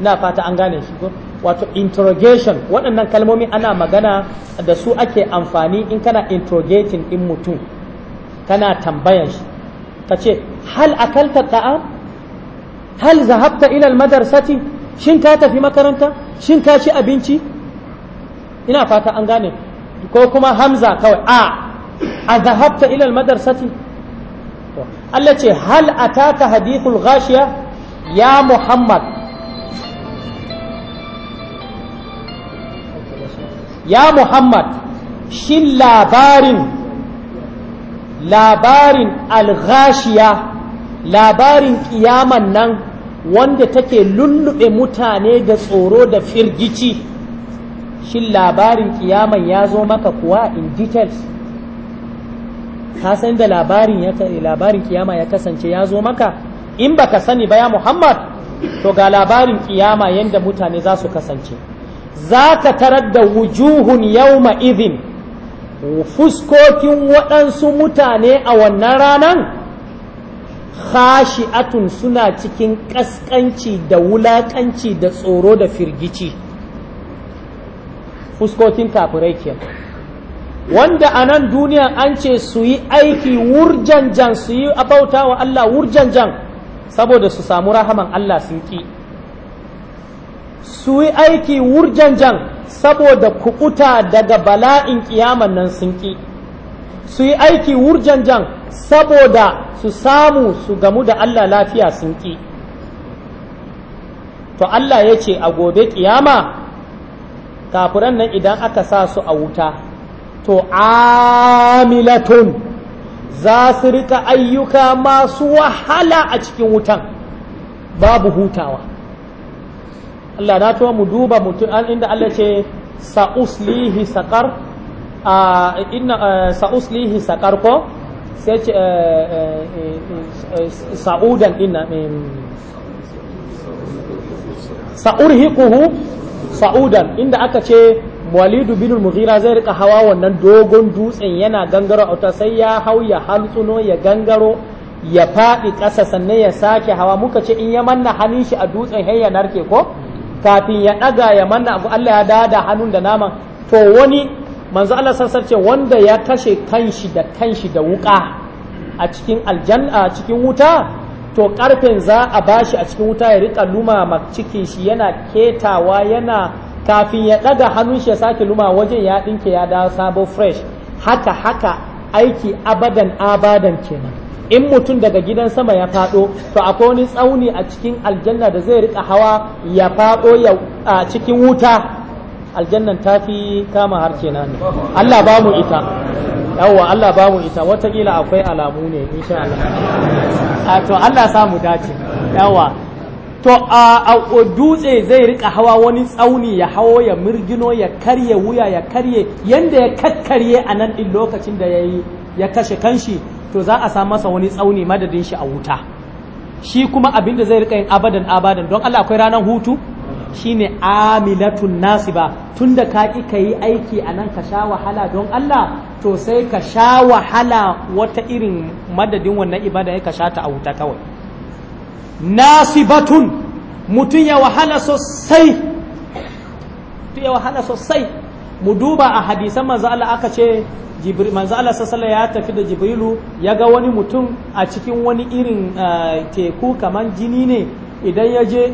S1: na fata an gane shi wato interrogation waɗannan kalmomi ana magana da su ake amfani in kana interrogating in mutum kana tambayan shi ka ce hal akalta ta'am hal zahabta ila almadarsati shin ka tafi makaranta shin ka ci abinci ina fata an gane ko kuma hamza kawai a a zahabta ila almadarsati Allah ce hal ataka hadithul ghashiya ya Muhammad ya Muhammad shin labarin labarin al labarin kiyaman nan wanda take lullube mutane da tsoro da firgici shin labarin kiyaman ya zo maka kuwa in details ka san da labarin ya labarin kiyama ya kasance ya zo maka in baka sani ba ya Muhammad to ga labarin kiyama yanda mutane za su kasance za ka tarar da wujuhun yauma izin? fuskokin waɗansu mutane a wannan ranar? khashi'atun suna cikin ƙasƙanci da wulaƙanci da tsoro da firgici fuskokin kafirai ke wanda a nan duniya an ce su yi aiki wurjanjan su yi abauta wa Allah wurjanjan saboda su samu rahaman Allah sun ƙi su yi aiki wurjanjan saboda kukuta daga bala'in ƙiyaman nan sun ƙi su yi aiki wurjanjan saboda su samu su gamu da Allah lafiya sun ƙi to Allah ya ce a gobe ƙiyama kafiran nan idan aka sa su a wuta to amilatun za su rika ayyuka masu wahala a cikin wutan babu hutawa Allah na tuwa mu duba mutum inda Allah ce sa'uslihi saƙar a inna eh, sa'uslihi saƙar ko sai ce eh, eh, eh, sa'udan ina sa'urhiquhu sa'udan inda aka ce walidu bin mughira zai rika hawa wannan dogon dutsen yana gangaro auta sai ya hau ya haltsuno ya gangaro ya fadi ƙasa sannan ya sake hawa muka ce in ya manna hannun shi a dutsen hayya narke ko kafin ya daga ya manna abu Allah ya dada hannun da naman to wani manzo Allah sassar ce wanda ya kashe kanshi da kanshi da wuka a cikin aljanna a cikin wuta to karfen za a bashi a cikin wuta ya rika luma cikin shi yana ketawa yana kafin ya daga hannun shi ya sake luma wajen ya dinke ya dawo sabo fresh haka haka aiki abadan abadan kenan in mutum daga gidan sama ya fado to akwai wani tsauni a cikin aljanna da zai rika hawa ya fado ya a cikin wuta aljannan ta fi kama harce na ne Allah ba mu ita yawwa Allah ba mu ita watakila akwai alamu ne insha Allah to Allah sa mu dace yawwa to a dutse zai rika hawa wani tsauni ya hawo ya mirgino ya karye wuya ya karye yadda ya kakkarye a nan din lokacin da yi ya kashe kanshi to za a sa masa wani tsauni madadin shi a wuta shi kuma abinda zai rika yin abadan abadan don Allah akwai ranar hutu shine amilatun nasiba tunda ka ki ka yi aiki a nan ka sha wahala don Allah to sai ka sha wahala wata irin madadin wannan ibada ya ka sha ta a wuta kawai nasibatun mutun ya wahala sosai mutum ya wahala sosai mu duba a hadisan manzo Allah aka ce manzo Allah sassala ya tafi da jibrilu ya ga wani mutum a cikin wani irin eh, teku kaman jini ne idan ya je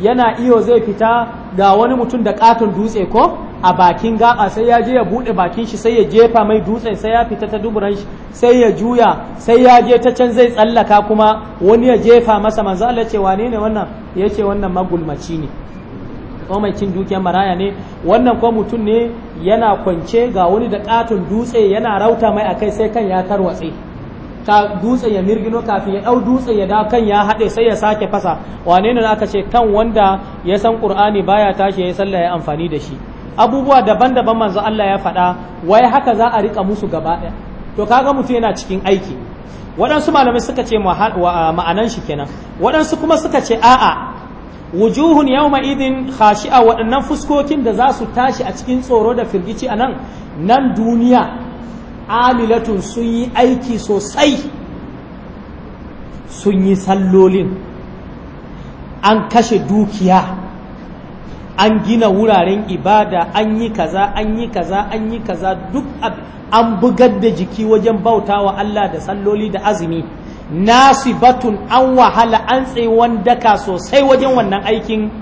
S1: yana iyo zai fita ga wani mutum da katon dutse ko a bakin gaba sai ya je ya bude bakin shi sai ya jefa mai dutse sai ya fita ta duburan shi sai ya juya sai ya je ta can zai tsallaka kuma wani ya jefa masa manzo Allah ce wane ne wannan Yace wannan magulmaci ne ko mai cin dukiyar maraya ne wannan ko mutum ne yana kwance ga wani da katon dutse yana rauta mai akai sai kan ya tarwatse ka dutse ya mirgino kafin ya dau dutse ya da kan ya haɗe sai ya sake fasa wane ne aka ce kan wanda ya san qur'ani baya tashi ya sallah ya amfani da shi abubuwa daban-daban manzo Allah ya faɗa wai haka za a rika musu gaba ɗaya to kaga mutum yana cikin aiki waɗansu malamai suka ce ma'anan shi kenan waɗansu kuma suka ce a'a wujuhun yawma idin khashi'a waɗannan fuskokin da za su tashi a cikin tsoro da firgici a nan nan duniya amilatun sun yi aiki sosai sun yi sallolin an kashe dukiya an gina wuraren ibada an yi kaza an yi kaza an yi kaza duk an bugar da jiki wajen bauta wa Allah da salloli da azumi nasibatun an wahala an tsaye daka sosai wajen wannan aikin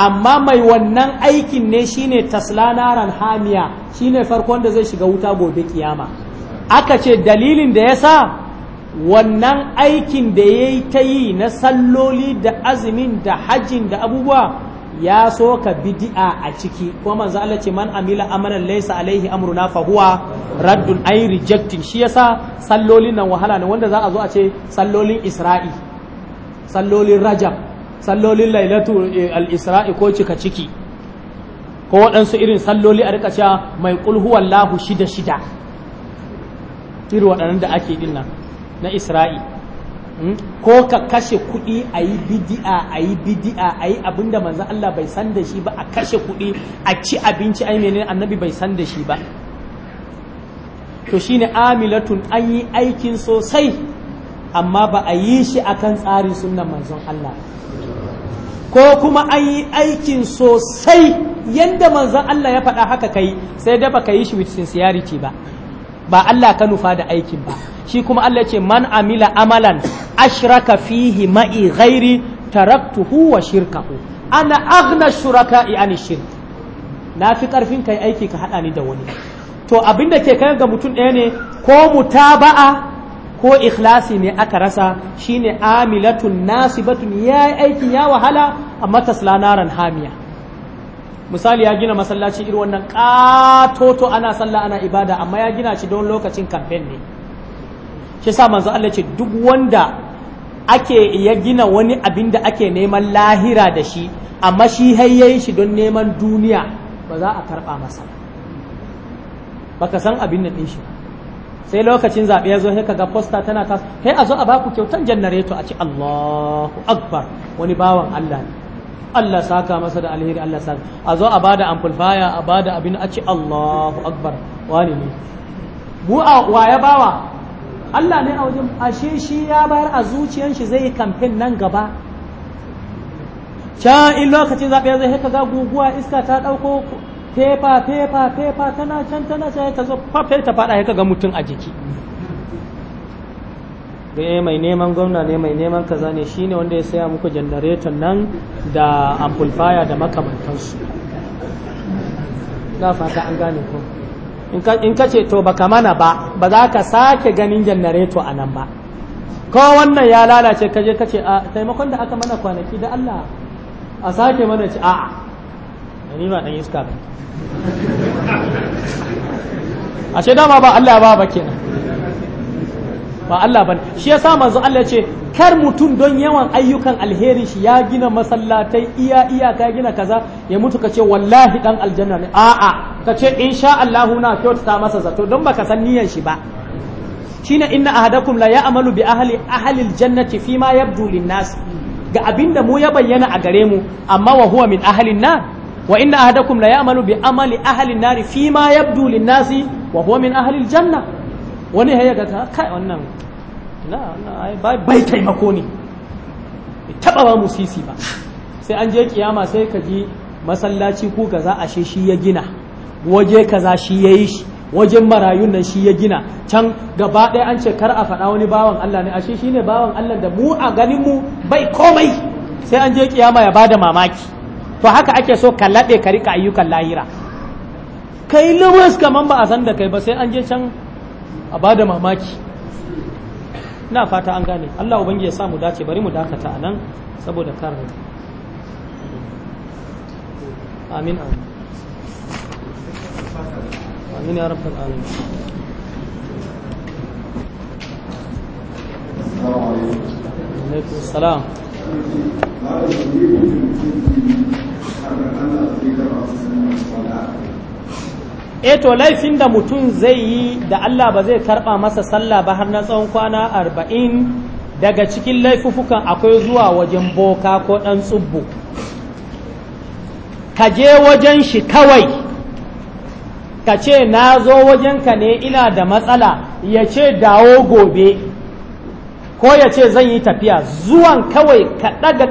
S1: amma mai wannan aikin ne shine tasla naran hamiya shine farkon da zai shiga wuta gobe kiyama aka ce dalilin da ya sa wannan aikin da ya yi ta yi na salloli da azumin da hajjin da abubuwa ya so ka bidi'a a ciki kuma manzo Allah ce man amila amalan laysa alaihi amruna fa huwa raddun ay rejecting shi yasa sallolin nan wahala ne wanda za a zo a ce sallolin isra'i sallolin rajab sallolin lailatu eh, al-isra'i ko cika ciki ko waɗansu irin salloli a rika mai kulhuwan lahu shida shida irin waɗannan da ake din nan na isra'i hmm? ko ka kashe kuɗi ayi yi bidi'a a yi bidi'a a yi abin Allah bai san da shi ba a kashe kuɗi a ci abinci a menene annabi bai san da shi ba to shine amilatun an yi aikin sosai amma ba a yi shi akan tsari sunnan manzon Allah ko kuma an yi aikin sosai yadda manzan Allah ya faɗa haka kai sai dafa ka yi shi with sincerity ba ba Allah ka nufa da aikin ba shi kuma Allah ce man amila amalan ashraka fihi ma'i ghairi taraktuhu wa shirkahu ana aghna shuraka, ani shirk na fi karfin kai aiki ka haɗa ni da wani to abinda ke kai ga mutum ɗaya ne ko mutaba'a ko ikhlasi ne aka rasa shine amilatun nasibatun ya yi aiki ya wahala a tasla naran hamiya misali ya gina masallaci irin wannan katoto ana sallah ana ibada amma ya gina shi don lokacin kamfen ne shi sa manzo Allah ce duk wanda ake ya gina wani abin da ake neman lahira da shi amma shi hayyayin shi don neman duniya ba za a karba masa ka san abin da din shi ba sai lokacin zaɓe ya zo sai kaga posta tana ta kai a zo a baku kyautan janareto a ci Allahu Akbar wani bawan Allah ne Allah saka masa da alheri Allah saka a zo a bada amplifier a bada abin a ci Allahu Akbar wani ne mu a ya bawa Allah ne a wajen ashe shi ya bayar a zuciyar shi zai kamfen nan gaba can in lokacin zaɓe zai haka ga guguwa iska ta ɗauko fefa fefa fefa tana can tana can ta zo fafe ta fada ya ga mutum a jiki eh mai neman gwamna ne mai neman kaza ne shine wanda ya saya muku janareton nan da amplifier da makamantansu na fata an gane ko in ka ce to baka mana ba ba za ka sake ganin janareto a nan ba ko wannan ya lalace ka je ka ce a taimakon da aka mana kwanaki da Allah a sake mana ci a'a ni ba dan iska ba ashe dama ba Allah ba ba kenan ba Allah ba shi yasa manzo Allah ce kar mutum don yawan ayyukan alheri shi ya gina masallatai iya iya ka gina kaza ya mutu ka ce wallahi dan aljanna ne a'a ka ce insha Allah na kyautata masa zato don baka san niyyar shi ba shine inna ahadakum la ya'malu bi ahli ahli aljannati fima yabdu lin-nas ga abinda mu ya bayyana a gare mu amma wa huwa min ahlin nar wa inna ahadakum la ya'malu bi amali ahli an-nar fi ma yabdu lin-nasi wa huwa min janna wani haya ga kai wannan na wannan bai taimako ne taba ba musisi ba sai an je kiyama sai ka ji masallaci ko kaza ashe shi ya gina waje kaza shi yayi shi wajen marayun nan shi ya gina can gaba ɗaya an ce kar a faɗa wani bawan Allah ne ashe ne bawan Allah da mu a ganin mu bai komai sai an je kiyama ya ba da mamaki to haka ake so ka laɗe ka riƙa ayyukan lahira kai lewis kaman ba a san da kai ba sai an je can a ba da mamaki na fata an gane Allah ubangi ya samu dace bari mu dakata a nan saboda kan amin amin amin ya rabbal alamin السلام e to laifin da mutum zai yi da Allah ba zai karba masa sallah ba har na tsawon kwana arba'in daga cikin laifufukan akwai zuwa wajen boka ko ɗan tsubbo ka je wajen shi kawai ka ce na zo wajenka ne ina da matsala ya ce dawo gobe ko ya ce zan yi tafiya zuwan kawai ka ɗaga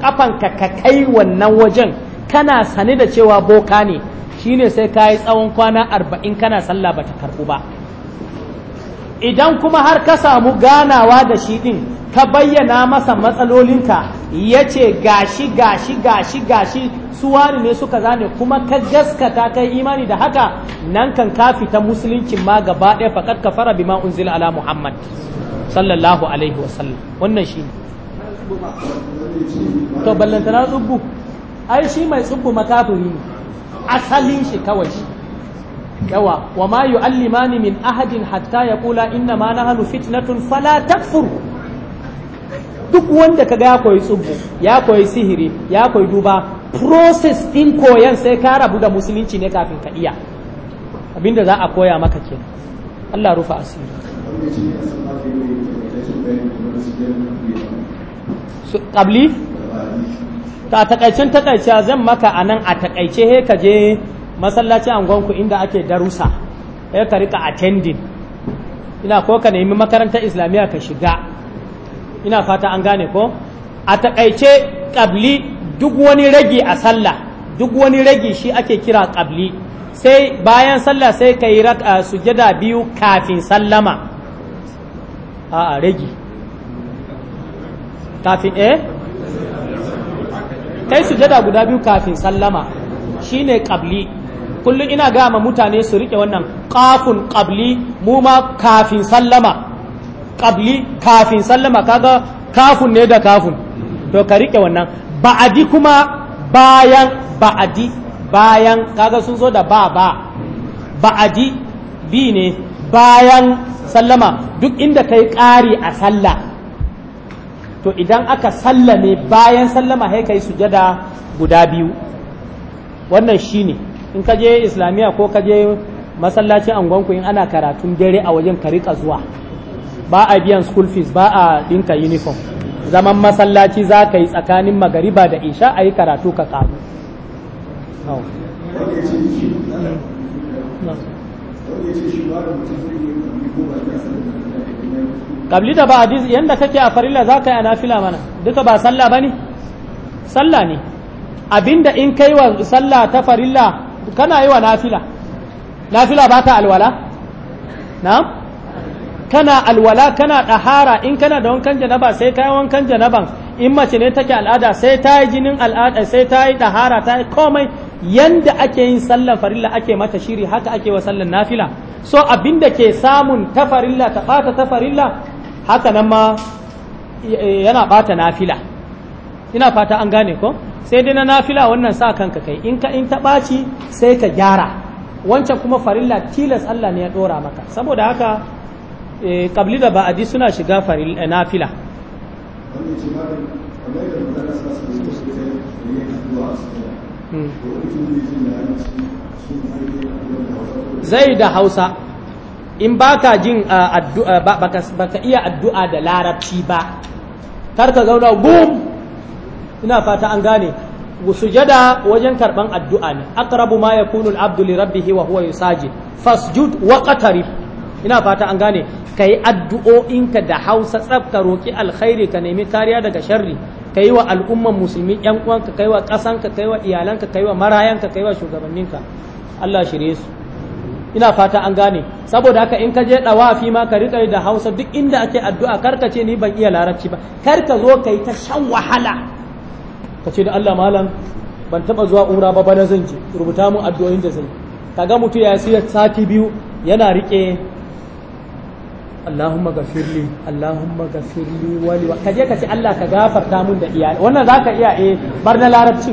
S1: ƙafanka ka kai wannan wajen kana sane da cewa boka ne shine sai ka yi tsawon kwana arba'in kana sallah ba ta karɓu ba idan kuma har ka samu ganawa da shi ɗin ka bayyana masa matsalolinka ya ce gashi gashi gashi gashi su wani ne suka zane kuma ka gaskata ka imani da haka nan kan ka fita musuluncin ma gaba ɗaya fakat ka fara bima unzila ala muhammad sallallahu alaihi wasallam wannan shi to ballantana tsubbu ai shi mai tsubbu makafiri ne asalin shi kawai shi yawa wa ma yu'allimani min ahadin hatta yaqula inna ma nahnu fitnatun fala takfur duk wanda kaga ya koyi tsubu ya koyi sihiri ya koyi duba process din koyan sai ka rabu da musulunci ne kafin ka iya abinda za a koya maka ke Allah rufa asiri kabli ta takaicen takaice zan maka a nan a takaice he ka je masallaci angonku inda ake darusa ya ka rika attending ina ko ka nemi makarantar islamiyya ka shiga ina fata an gane ko a takaice ƙabli duk wani ragi a sallah duk wani ragi shi ake kira ƙabli sai bayan sallah sai ka yi sujada biyu kafin sallama a ragi kafin eh kai sujada guda biyu kafin sallama shi ne ƙabli kullum ina gama mutane su riƙe wannan ƙafun ƙabli mu ma kafin sallama kabli kafin sallama kaga kafun ne da kafun to ka rike wannan ba'adi kuma bayan ba'adi bayan kaga sun zo da ba ba ba'adi bi ne bayan sallama duk inda ka yi ƙari a salla to idan aka sallame bayan sallama sai yi sujada guda biyu wannan shi ne in ka je islamiyya ko ka je masallacin angonku in ana karatun dare a wajen ka rika zuwa ba a biyan school fees ba a dinka uniform zaman masallaci za ka yi tsakanin magariba da isha a yi karatu ka karu kabli da ba hadisi yadda kake a farilla za ka yi a nafila mana duka ba sallah ba ne sallah ne abinda in kai wa sallah ta farilla kana yi wa nafila nafila ba ta alwala na'am kana alwala kana ɗahara in kana da wankan janaba sai ka yi wankan janaban in mace ne take al'ada sai ta yi jinin al'ada sai ta yi ɗahara ta yi komai yanda ake yin sallan farilla ake mata shiri haka ake wa sallan nafila so abin da ke samun ta farilla ta ɓata ta farilla haka nan ma eh, yana ɓata nafila ina fata an gane ko sai dai na nafila wannan sa kanka kai in ka in ta ɓaci sai ka gyara wancan kuma farilla tilas Allah ne ya ɗora maka saboda haka Eh, kabli da ba'adi suna shiga faril eh, nafila hmm. zai da hausa in baka jin baka iya addu'a da larabci ba karka zauna gum ina fata an gane sujada wajen karban addu'a ne aqrabu ma yakunu al-abdu li rabbihi wa huwa yusajid fasjud wa qatarib ina fata an gane ka yi addu'o'inka da hausa tsab ka roƙi alkhairi ka nemi kariya daga sharri ka yi wa al'umman musulmi yan uwanka ka yi wa ƙasanka ka yi wa iyalanka ka yi wa marayanka ka yi wa shugabanninka Allah shirye su ina fata an gane saboda haka in ka je dawafi ma ka riƙa da hausa duk inda ake addu'a kar ka ce ni ban iya larabci ba kar ka zo ka yi ta shan wahala ka ce da Allah malam ban taɓa zuwa umra ba bana zan je rubuta mun addu'o'in da zan yi kaga mutum ya siya sati biyu yana riƙe Allahumma gafirli Allahumma gafirli wali wa kaje ka ce Allah ka gafarta mun da iyali wannan zaka iya eh bar na larabci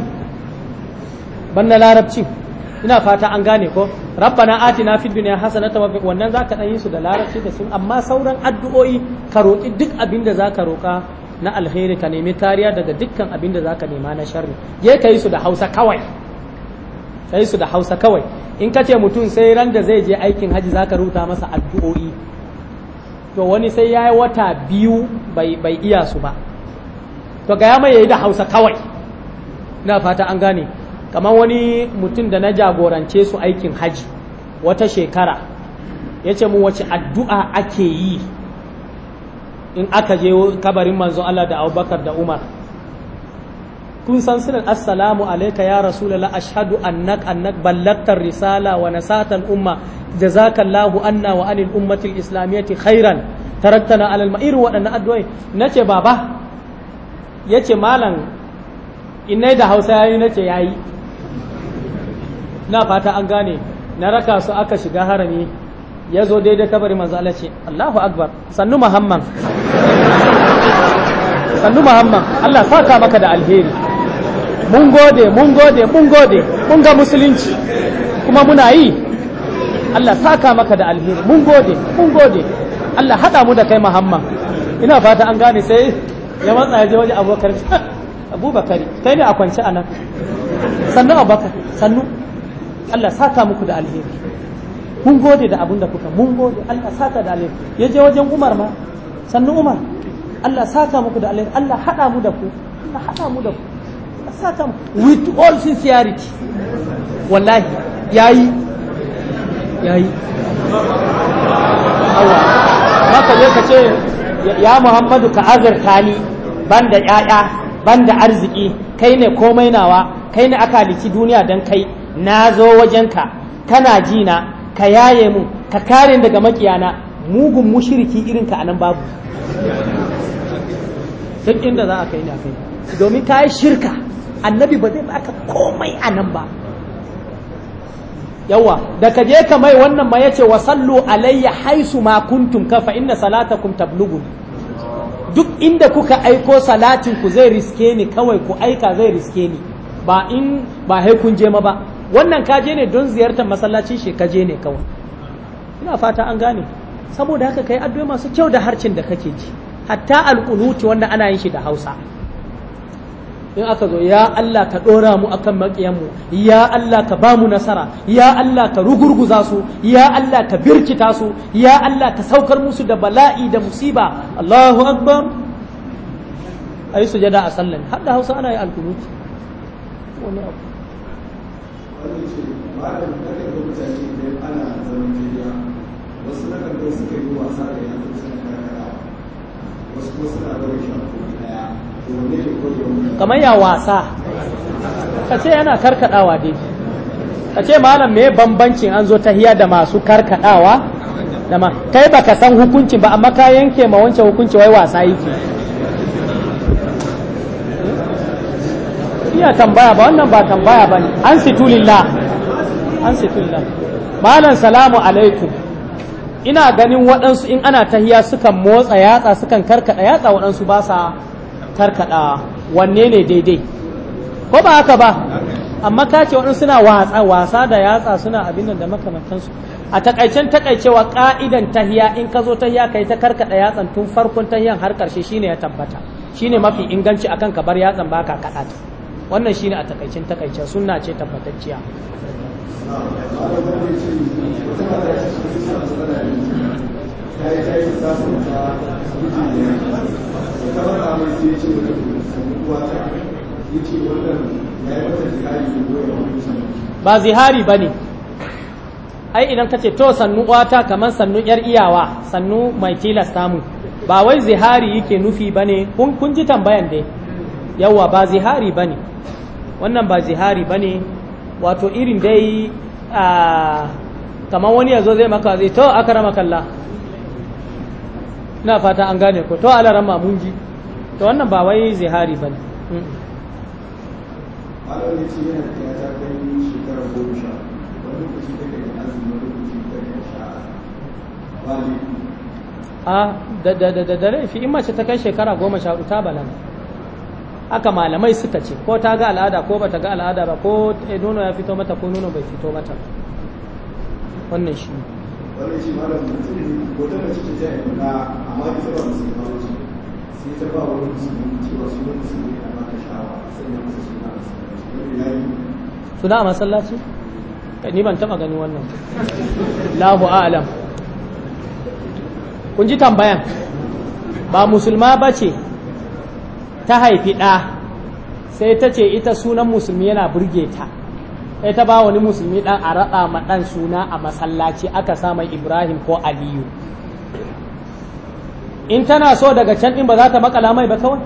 S1: bar na larabci ina fata an gane ko rabbana atina fid dunya hasanatan wa fil wannan zaka dan yi su da larabci da sun amma sauran addu'o'i ka roki duk abin da zaka roka na alheri ka nemi kariya daga dukkan abin da zaka nema na sharri je ka yi su da Hausa kawai kai su da Hausa kawai in ka ce mutum sai ran da zai je aikin haji zaka ruta masa addu'o'i to wani sai ya yi wata biyu bai iya su ba to ga ya mai yayi da hausa kawai na fata an gane kamar wani mutum da na jagorance su aikin haji wata shekara ya ce mu wace addu'a ake yi in aka je kabarin manzo Allah da abubakar da umar kun san sirin assalamu alaika ya rasulullah ashhadu annak annak ballagtar risala wa nasatan umma jazakallahu anna wa anil ummati islamiyyati khairan tarattana alal ma'ir waɗannan addu'ai nace baba yace malam innai da hausa yayi nace yayi na fata an gane na raka su aka shiga harami ya zo daidai kabari manzo Allah ce Allahu akbar sannu muhammad sannu muhammad Allah saka maka da alheri mun gode mun gode mun gode mun ga musulunci kuma muna yi Allah saka maka da alheri mun gode mun gode Allah hada mu da kai Muhammad ina fata an gane sai ya matsa ya je waje abokar abubakar kai ne a kwance anan sannu abubakar sannu Allah saka muku da alheri mun gode da abin da kuka mun gode Allah saka da alheri ya je wajen Umar ma sannu Umar Allah saka muku da alheri Allah hada mu da ku Allah hada mu da ku satan with all sincerity wallahi yayi yayi Allah maka zo ka ce ya Muhammadu ka azurta ni banda yaya banda arziki kai ne komai nawa kai ne aka liki duniya dan kai na zo ka kana ji na ka yaye mu ka kare daga makiyana mugun mushiriki irin ka anan babu duk inda za a kai ne a kai domin ka yi shirka annabi ba zai baka komai a nan ba yawa da ka je ka mai wannan ma yace wa sallu alayya haisu ma kuntum ka fa inna salatakum duk inda kuka aiko salatin ku zai riske ni kawai ku aika zai riske ni ba in ba hai kun je ma ba wannan ka je ne don ziyartar masallacin shi ka je ne kawai ina fata an gane saboda haka kai addu'a masu kyau da harcin da kake ji hatta alqunuti wannan ana yin shi da Hausa in aka zo ya Allah ka ɗora mu akan maƙiyanmu ya Allah ka ba mu nasara ya Allah ka rugurguza su ya Allah ka birkita su ya Allah ka saukar musu da bala'i da musiba Allahu akbar ayi sujada a sallan har da Hausa ana yi alkunuti wani abu
S3: wasu na kan suka yi wasa da yanzu suna wasu kuma suna da wani shafi
S1: kamar ya wasa ka ce yana karkadawa dai ka ce malam me bambancin an zo tahiya da masu karkadawa da ma kai baka san hukunci ba amma ka yanke ma wancan hukunci wai wasa yake iya tambaya ba wannan ba tambaya ba ne an situlillah an situlillah malam salamu alaikum ina ganin waɗansu in ana tahiya sukan motsa yatsa sukan karkada yatsa waɗansu ba sa karkada wanne ne daidai ko ba haka ba amma ka ce waɗansu suna wasa wasa da yatsa suna abin da makamantansu a takaicen takaicewa ka'idan tahiya in ka zo tahiya kai ta karkada yatsan tun farkon tahiyan har karshe shine ya tabbata shine mafi inganci akan ka bar yatsan ka kada ta wannan shine a takaicen takaicen sunna ce tabbatacciya ba zihari ba ne ai idan ka ce to sannu kwata kamar sannu yar iyawa sannu mai tilasta mu ba wai zihari yake nufi ba ne kun ji tambayan dai yawa ba zihari ba ne wannan ba zihari ba ne wato irin dai ah, kamar wani ya zo zai maka zai to aka rama kalla ina fata an gane ko to alaran mun ji to wannan ba wai zihari bane a da da da da in mace ta kai shekara goma sha ta balaga aka malamai suka ce ko ta ga al'ada ko ba ta ga al'ada ba ko eh, nono ya fito mata ko nono bai fito mata wannan shi ne
S3: wannan shi malam mutum ne ko tana cikin ta yi amma ita ba musulmi ba sai ta ba wani musulmi cewa sunan musulmi a baka shawara sanya masa suna a
S1: masallaci suna a masallaci ni ban taba gani wannan lahu alam kun ji tambayan ba musulma ba ce ta haifi ɗa sai ta ce ita sunan musulmi yana burge ta sai ta ba wani musulmi dan a raɗa ma dan suna a masallaci aka sa mai ibrahim ko aliyu in tana so daga can din ba za ta makala mai ba kawai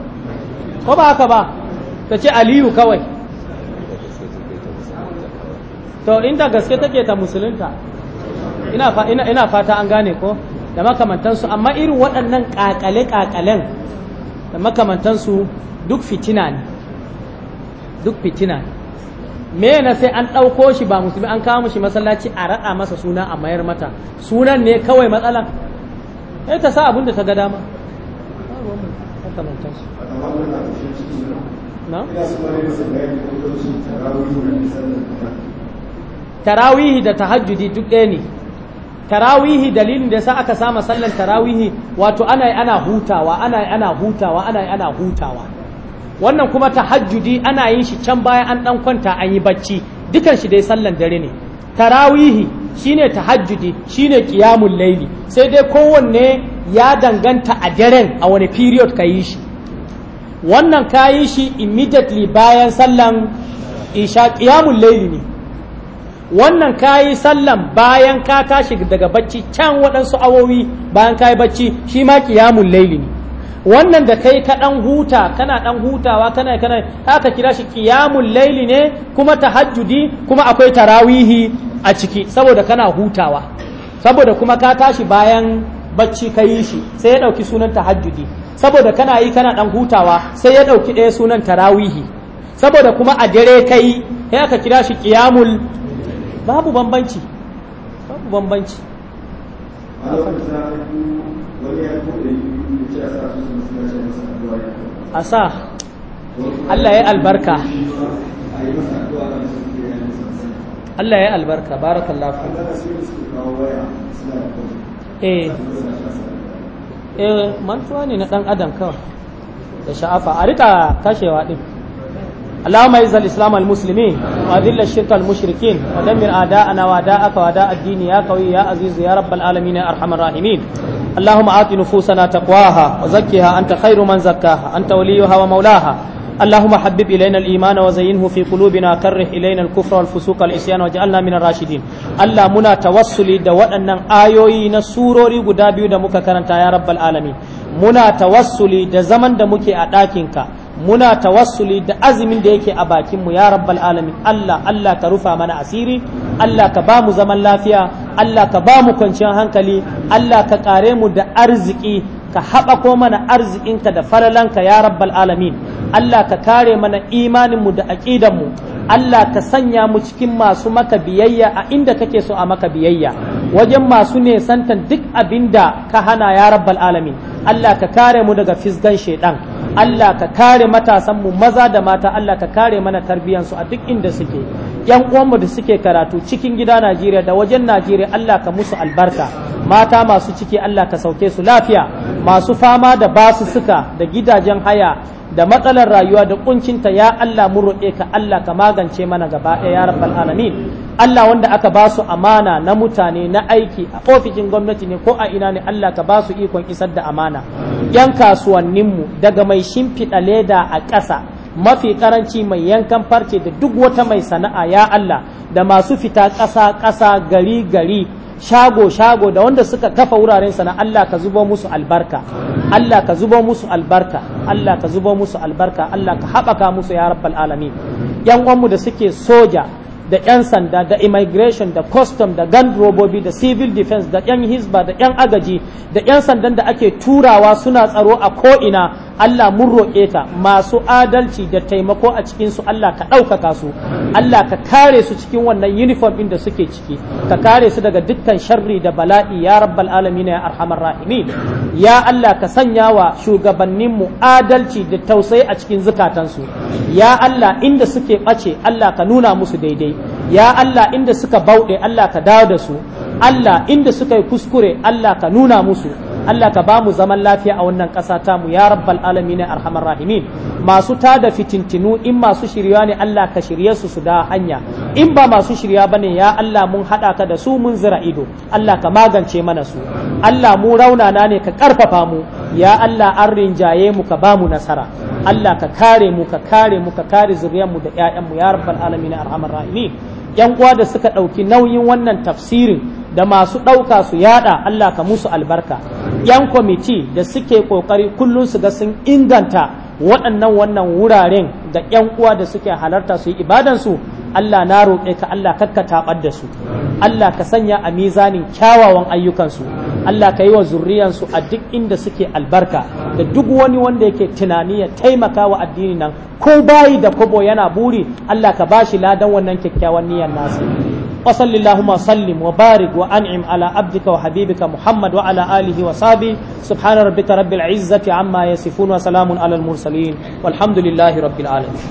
S1: ko ba haka ba ta ce aliyu kawai to inda gaske take ta musulunta ina fata an gane ko da makamantansu amma irin waɗannan ƙaƙale-ƙaƙalen da makamantansu duk fitina ne duk fitina ne me na sai an ɗauko shi ba musulmi an kawo shi masallaci a raɗa masa suna a mayar mata sunan ne kawai matsalan sai eh, ta sa abin da ta ga dama tarawihi da tahajjudi duk ɗaya ne tarawihi dalilin da sa aka samu sallan tarawihi wato ana ana hutawa ana ana hutawa ana ana hutawa wannan kuma tahajjudi ana yin shi can baya an dan kwanta an yi bacci dukan shi dai sallan dare ne tarawihi shine tahajjudi shine qiyamul laili sai dai kowanne ya danganta a daren a wani period ka yi shi wannan ka yi shi immediately bayan sallan isha qiyamul laili ne wannan ka yi sallan bayan ka tashi daga bacci can waɗansu awowi bayan ka yi bacci shi ma qiyamul laili ne wannan da kai ka dan huta kana dan hutawa kana kana haka kira shi qiyamul layli ne kuma tahajjudi kuma akwai tarawihi a ciki saboda kana hutawa saboda kuma ka tashi bayan bacci ka yi shi sai ya dauki sunan tahajjudi saboda kana yi kana dan hutawa sai ya dauki ɗaya sunan tarawihi saboda kuma a dare kai sai aka kira shi qiyamul babu bambanci babu bambanci a sa
S2: Allah ya albarka
S1: Allah ya albarka barakallahu eh eh mantuwa ne na dan adam kawai da sha'afa a rika kashewa din اللهم اعز الاسلام المسلمين واذل الشرك المشركين ودمر اعداءنا واعداءك واعداء الدين يا قوي يا عزيز يا رب العالمين يا ارحم الراحمين اللهم آت نفوسنا تقواها وزكها أنت خير من زكاها أنت وليها ومولاها اللهم حبب إلينا الإيمان وزينه في قلوبنا كره إلينا الكفر والفسوق والعصيان واجعلنا من الراشدين الله منا توسلي da waɗannan ayoyi na surori guda biyu da muka karanta ya rabbal alamin muna tawassuli da zaman da muke a ɗakinka muna tawassuli da azumin da yake a bakinmu mu ya rabbal alamin Allah Allah ka rufa mana asiri Allah ka ba mu zaman lafiya Allah ka ba mu kwanciyar hankali Allah ka kare mu da arziki ka haɓa ko mana arzikinka da faralanka ya rabbal alamin Allah ka kare mana imaninmu da aƙidanmu Allah ka sanya mu cikin masu maka biyayya a inda kake so a maka biyayya wajen masu ne santan duk abinda ka hana ya rabbal alamin Allah ka kare mu daga fisgan shaidan Allah ka kare matasanmu maza da mata Allah ka kare mana su a duk inda suke yan uwanmu da suke karatu cikin gida Najeriya da wajen Najeriya Allah ka musu albarka mata masu ciki Allah ka sauke su lafiya masu fama da basu suka da gidajen haya da matsalar rayuwa da kuncinta ya Allah mu roƙe ka Allah ka magance mana gaba ɗaya ya rabbal alamin Allah wanda aka ba su amana na mutane na aiki a ofishin gwamnati ne ko a ina ne Allah ka ba su ikon isar da amana yan kasuwanninmu daga mai shimfiɗa leda a ƙasa mafi karanci mai yankan farce da duk wata mai sana'a ya Allah da masu fita ƙasa ƙasa gari gari shago-shago da wanda suka kafa wuraren sana Allah ka zubo musu albarka Allah ka zubo musu albarka Allah ka zubo musu albarka Allah ka haɓaka musu ya rabbal alamin yan uwanmu da suke soja da 'yan sanda da immigration da custom da gun robobi da civil defense da 'yan hisba da 'yan agaji da 'yan sandan da ake turawa suna tsaro a ko'ina Allah mun roƙe ta masu adalci da taimako a cikinsu Allah ka ɗaukaka su Allah ka kare su cikin wannan uniform ɗin da suke ciki ka kare su daga dukkan sharri da bala'i ya rabbal alamin ya arhamar rahimin ya Allah ka sanya wa shugabanninmu adalci da tausayi a cikin zukatansu ya Allah inda suke ɓace Allah ka nuna musu daidai ya Allah inda suka bauɗe Allah ka dawo da su Allah inda suka yi kuskure Allah ka nuna musu Allah ka ba mu zaman lafiya a wannan ƙasa mu ya rabbal ne arhamar rahimin masu tada fitintinu in masu shirya ne Allah ka shirye su su da hanya in ba masu shirya ba ne ya Allah mun haɗa ka da su mun zira ido Allah ka magance mana su Allah mu raunana ne ka ƙarfafa mu ya Allah an rinjaye mu ka ba mu nasara Allah ka kare mu ka kare mu ka kare zuriyar mu da 'ya'yan mu ya rabbal ne arhamar rahimin yan uwa da suka ɗauki nauyin wannan tafsirin da masu ɗauka su yaɗa Allah ka musu albarka yan kwamiti da suke ƙoƙari kullum su ga sun inganta waɗannan wannan wuraren da ƴan uwa da suke halarta su yi ibadansu Allah na roƙe ka Allah ka taɓar da su Allah ka sanya a mizanin kyawawan ayyukansu Allah ka yi wa zurriyansu a duk inda suke albarka da duk wani wanda yake tunani ya taimaka wa addini nan ko bayi da kobo yana buri Allah ka bashi ladan wannan kyakkyawan niyyar nasu وصل اللهم سلم وبارك وأنعم على عبدك وحبيبك محمد وعلى آله وصحبه سبحان ربك رب العزة عما يصفون وسلام على المرسلين والحمد لله رب العالمين